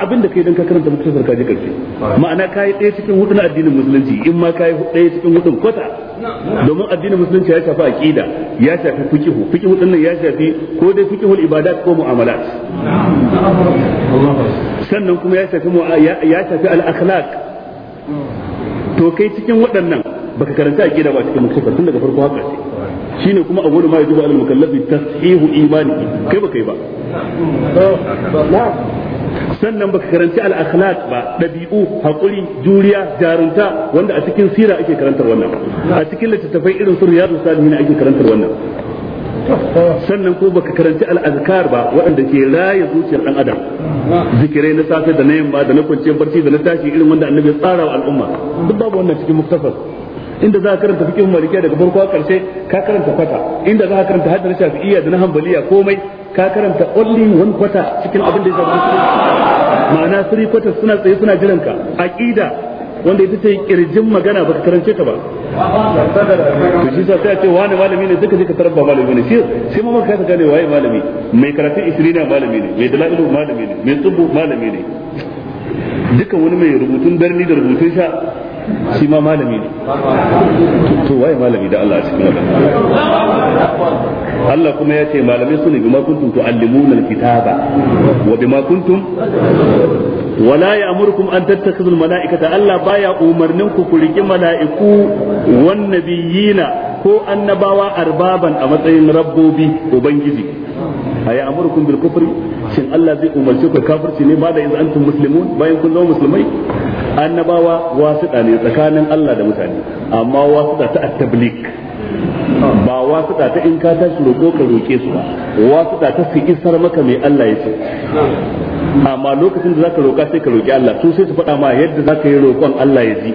abin da kai dan ka karanta muktasar ka ji karshe ma'ana kai ɗaya cikin hudu na addinin musulunci in ma kai ɗaya cikin hudun kwata domin addinin musulunci ya shafi aqida ya shafi fiqhu fiqhu din nan ya shafi ko dai fiqhul ibadat ko mu'amalat sannan kuma ya shafi ya shafi al akhlaq to kai cikin waɗannan baka karanta aqida ba cikin muktasar tun daga farko haka shine kuma a gudu ma yajibu al bi tashihu imani kai ba kai ba sannan baka karanci al-akhlaq ba dabi'u hakuri juriya jarunta wanda a cikin sira ake karantar wannan a cikin littattafai irin su riyadu salihin ake karantar wannan sannan ko baka karanci al'azkar ba waɗanda ke raya zuciyar ɗan adam zikirai na safe da na yamma da na kwanciyar barci da na tashi irin wanda annabi ya tsara wa al'umma duk babu wannan cikin muktasar inda za a karanta fiqh malikiya daga farko karshe ka karanta fata inda za a karanta hadda na shafi'iyya da na hanbaliya komai ka karanta only one quarter cikin abin da ya zama ma'ana three quarters suna tsaye suna jiran ka aqida wanda ita ce kirjin magana baka karance ta ba to shi sai ce wani malami ne duka duka tarabba malami ne shi sai ma maka gane waye malami mai karatun 20 na malami ne mai dalilu malami ne mai tubu malami ne duka wani mai rubutun birni da rubutun sha shi ma malami ne to waye malami da Allah a cikin wannan Allah kuma ya ce malami su ne bima kuntum tu'allimuna alkitaba wa bima kuntum wala ya'murukum an tattakhidul malaikata Allah baya umarnin ku ku riki mala'iku wan nabiyina ko annabawa arbaban a matsayin rabbobi ubangiji aya amurukum bil kufri shin Allah zai umarci ku kafirci ne ba da yanzu antum muslimun bayan kun zama musulmai annabawa wasuɗa ne tsakanin Allah da mutane amma wasuɗa ta tabliq ba wasuɗa ta in ka tashi roƙo ka roƙe su ba wasuɗa ta fi isar maka mai Allah ya ce amma lokacin da zaka roka sai ka roki Allah to sai su faɗa ma yadda zaka yi roƙon Allah ya ji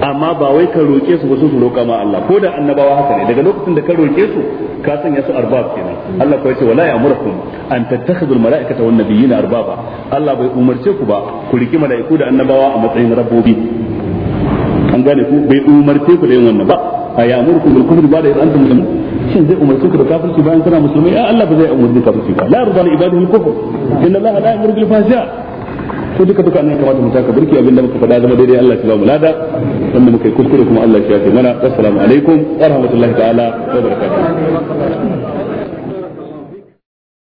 amma ba wai ka roke su ba su roka ma Allah ko da annabawa haka ne daga lokacin da ka roke su ka sanya su arbab kenan Allah ko yace wala ya'murukum an tattakhidul mala'ikata wan nabiyina arbaba Allah bai umarce ku ba ku riki mala'iku da annabawa a matsayin rabbobi an gane ku bai umarce ku da yin wannan ba a bil kufri ba da antum muslimun shin zai umarci ka da kafirci bayan kana musulmi ya Allah ba zai umarci ka kafirci ba la yarda li ibadihi al-kufr inna Allah la yamuru bil fahsha to duka duka annan kamata mu taka burki abinda muka faɗa zama daidai Allah ya ba mu lada wanda muka yi kuskure kuma Allah ya yafe mana assalamu alaikum wa rahmatullahi ta'ala wa barakatuh